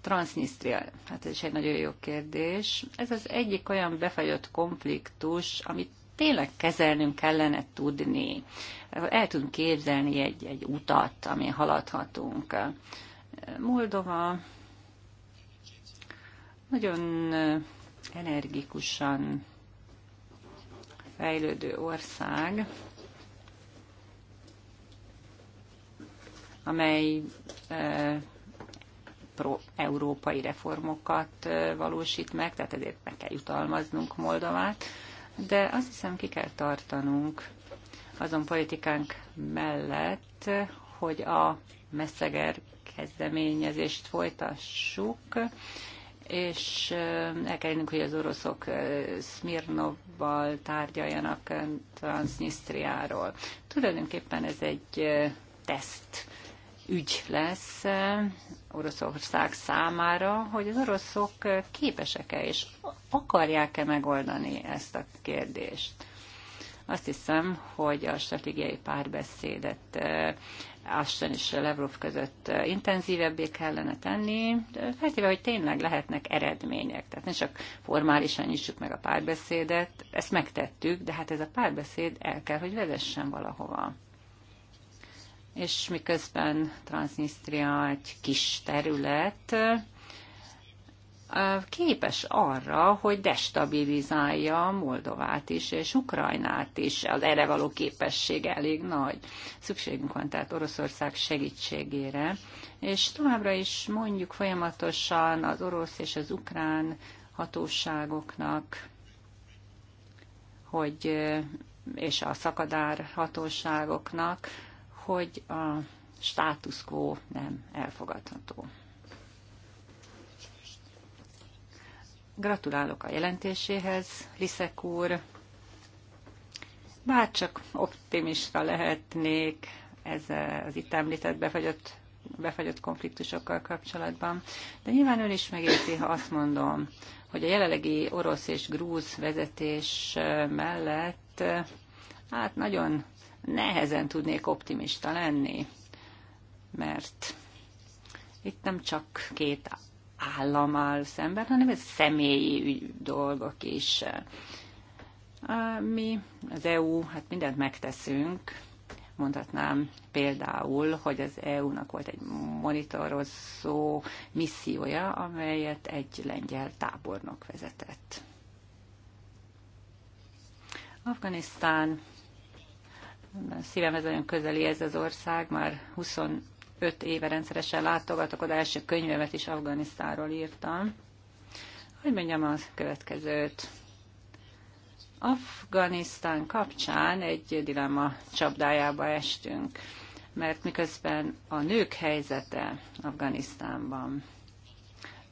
Transnistria, hát ez is egy nagyon jó kérdés. Ez az egyik olyan befagyott konfliktus, amit tényleg kezelnünk kellene tudni. El tudunk képzelni egy, egy utat, amin haladhatunk. Moldova nagyon energikusan fejlődő ország, amely e, pro-európai reformokat e, valósít meg, tehát ezért meg kell jutalmaznunk Moldovát, de azt hiszem ki kell tartanunk azon politikánk mellett, hogy a Messzeger kezdeményezést folytassuk, és el kell jönnünk, hogy az oroszok Smirnovval tárgyaljanak Transnistriáról. Tulajdonképpen ez egy teszt ügy lesz Oroszország számára, hogy az oroszok képesek-e és akarják-e megoldani ezt a kérdést. Azt hiszem, hogy a stratégiai párbeszédet eh, Aston és Lavrov között eh, intenzívebbé kellene tenni, feltéve, hogy tényleg lehetnek eredmények. Tehát nem csak formálisan nyissuk meg a párbeszédet, ezt megtettük, de hát ez a párbeszéd el kell, hogy vezessen valahova. És miközben Transnistria egy kis terület, képes arra, hogy destabilizálja Moldovát is, és Ukrajnát is. Az erre való képessége elég nagy. Szükségünk van tehát Oroszország segítségére, és továbbra is mondjuk folyamatosan az orosz és az ukrán hatóságoknak, hogy, és a szakadár hatóságoknak, hogy a státuszkó quo nem elfogadható. Gratulálok a jelentéséhez, Liszek úr. Bárcsak optimista lehetnék ez az itt említett befagyott, befagyott konfliktusokkal kapcsolatban, de nyilván ön is megérti, ha azt mondom, hogy a jelenlegi orosz és grúz vezetés mellett hát nagyon nehezen tudnék optimista lenni, mert itt nem csak két áll szemben, hanem ez személyi ügy, dolgok is. Mi, az EU, hát mindent megteszünk, mondhatnám például, hogy az EU-nak volt egy monitorozó missziója, amelyet egy lengyel tábornok vezetett. Afganisztán, ez nagyon közeli ez az ország, már 20, öt éve rendszeresen látogatok, oda első könyvemet is Afganisztánról írtam. Hogy mondjam a következőt? Afganisztán kapcsán egy dilemma csapdájába estünk, mert miközben a nők helyzete Afganisztánban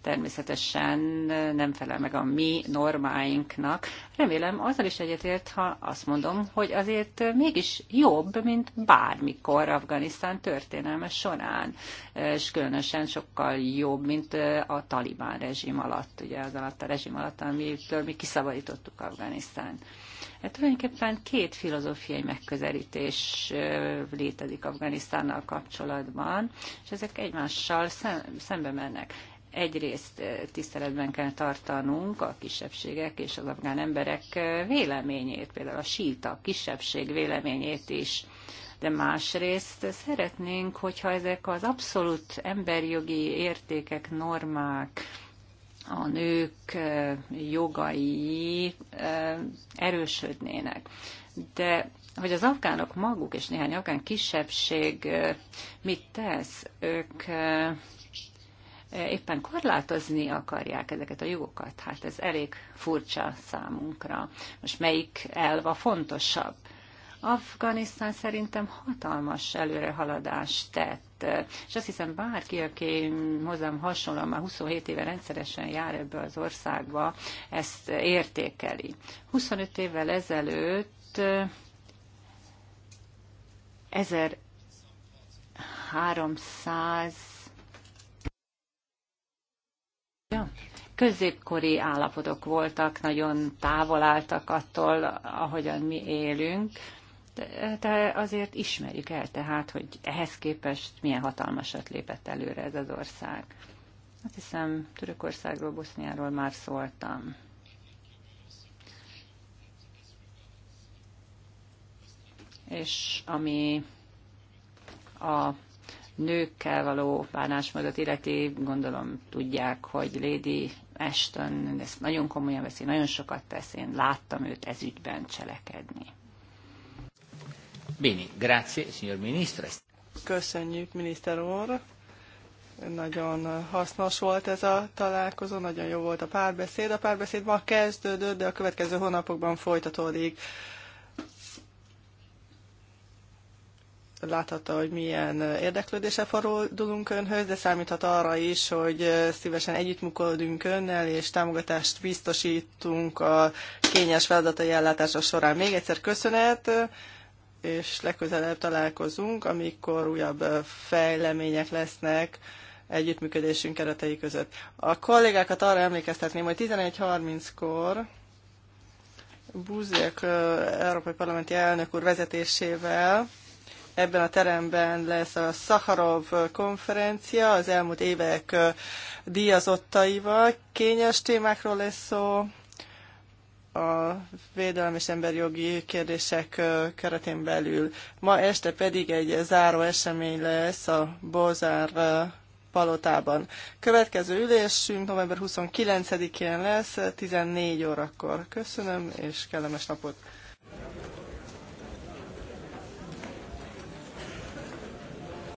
természetesen nem felel meg a mi normáinknak. Remélem azzal is egyetért, ha azt mondom, hogy azért mégis jobb, mint bármikor Afganisztán történelme során, és különösen sokkal jobb, mint a talibán rezsim alatt, ugye az alatt a rezsim alatt, amitől mi kiszabadítottuk Afganisztán. Hát tulajdonképpen két filozófiai megközelítés létezik Afganisztánnal kapcsolatban, és ezek egymással szem, szembe mennek. Egyrészt tiszteletben kell tartanunk a kisebbségek és az afgán emberek véleményét, például a síta kisebbség véleményét is de másrészt szeretnénk, hogyha ezek az abszolút emberjogi értékek, normák, a nők jogai erősödnének. De hogy az afgánok maguk és néhány afgán kisebbség mit tesz, ők éppen korlátozni akarják ezeket a jogokat. Hát ez elég furcsa számunkra. Most melyik elva fontosabb? Afganisztán szerintem hatalmas előrehaladást tett, és azt hiszem bárki, aki hozzám hasonlóan már 27 éve rendszeresen jár ebbe az országba, ezt értékeli. 25 évvel ezelőtt 1300 eh, Ja. Középkori állapotok voltak, nagyon távol álltak attól, ahogyan mi élünk, de azért ismerjük el tehát, hogy ehhez képest milyen hatalmasat lépett előre ez az ország. Azt hiszem, Törökországról, Boszniáról már szóltam. És ami a nőkkel való bánásmódot illeti, gondolom tudják, hogy Lady Ashton ezt nagyon komolyan veszi, nagyon sokat tesz, én láttam őt ezügyben cselekedni. Bene, grazie, signor ministro. Köszönjük, miniszter úr. Nagyon hasznos volt ez a találkozó, nagyon jó volt a párbeszéd. A párbeszéd ma kezdődött, de a következő hónapokban folytatódik. láthatta, hogy milyen érdeklődése fordulunk önhöz, de számíthat arra is, hogy szívesen együttműködünk önnel, és támogatást biztosítunk a kényes feladatai ellátása során. Még egyszer köszönet, és legközelebb találkozunk, amikor újabb fejlemények lesznek együttműködésünk keretei között. A kollégákat arra emlékeztetném, hogy 11.30-kor Búziek európai parlamenti elnök úr vezetésével Ebben a teremben lesz a Szaharov konferencia az elmúlt évek díjazottaival. Kényes témákról lesz szó a védelem és emberjogi kérdések keretén belül. Ma este pedig egy záró esemény lesz a Bozár palotában. Következő ülésünk november 29-én lesz, 14 órakor. Köszönöm, és kellemes napot!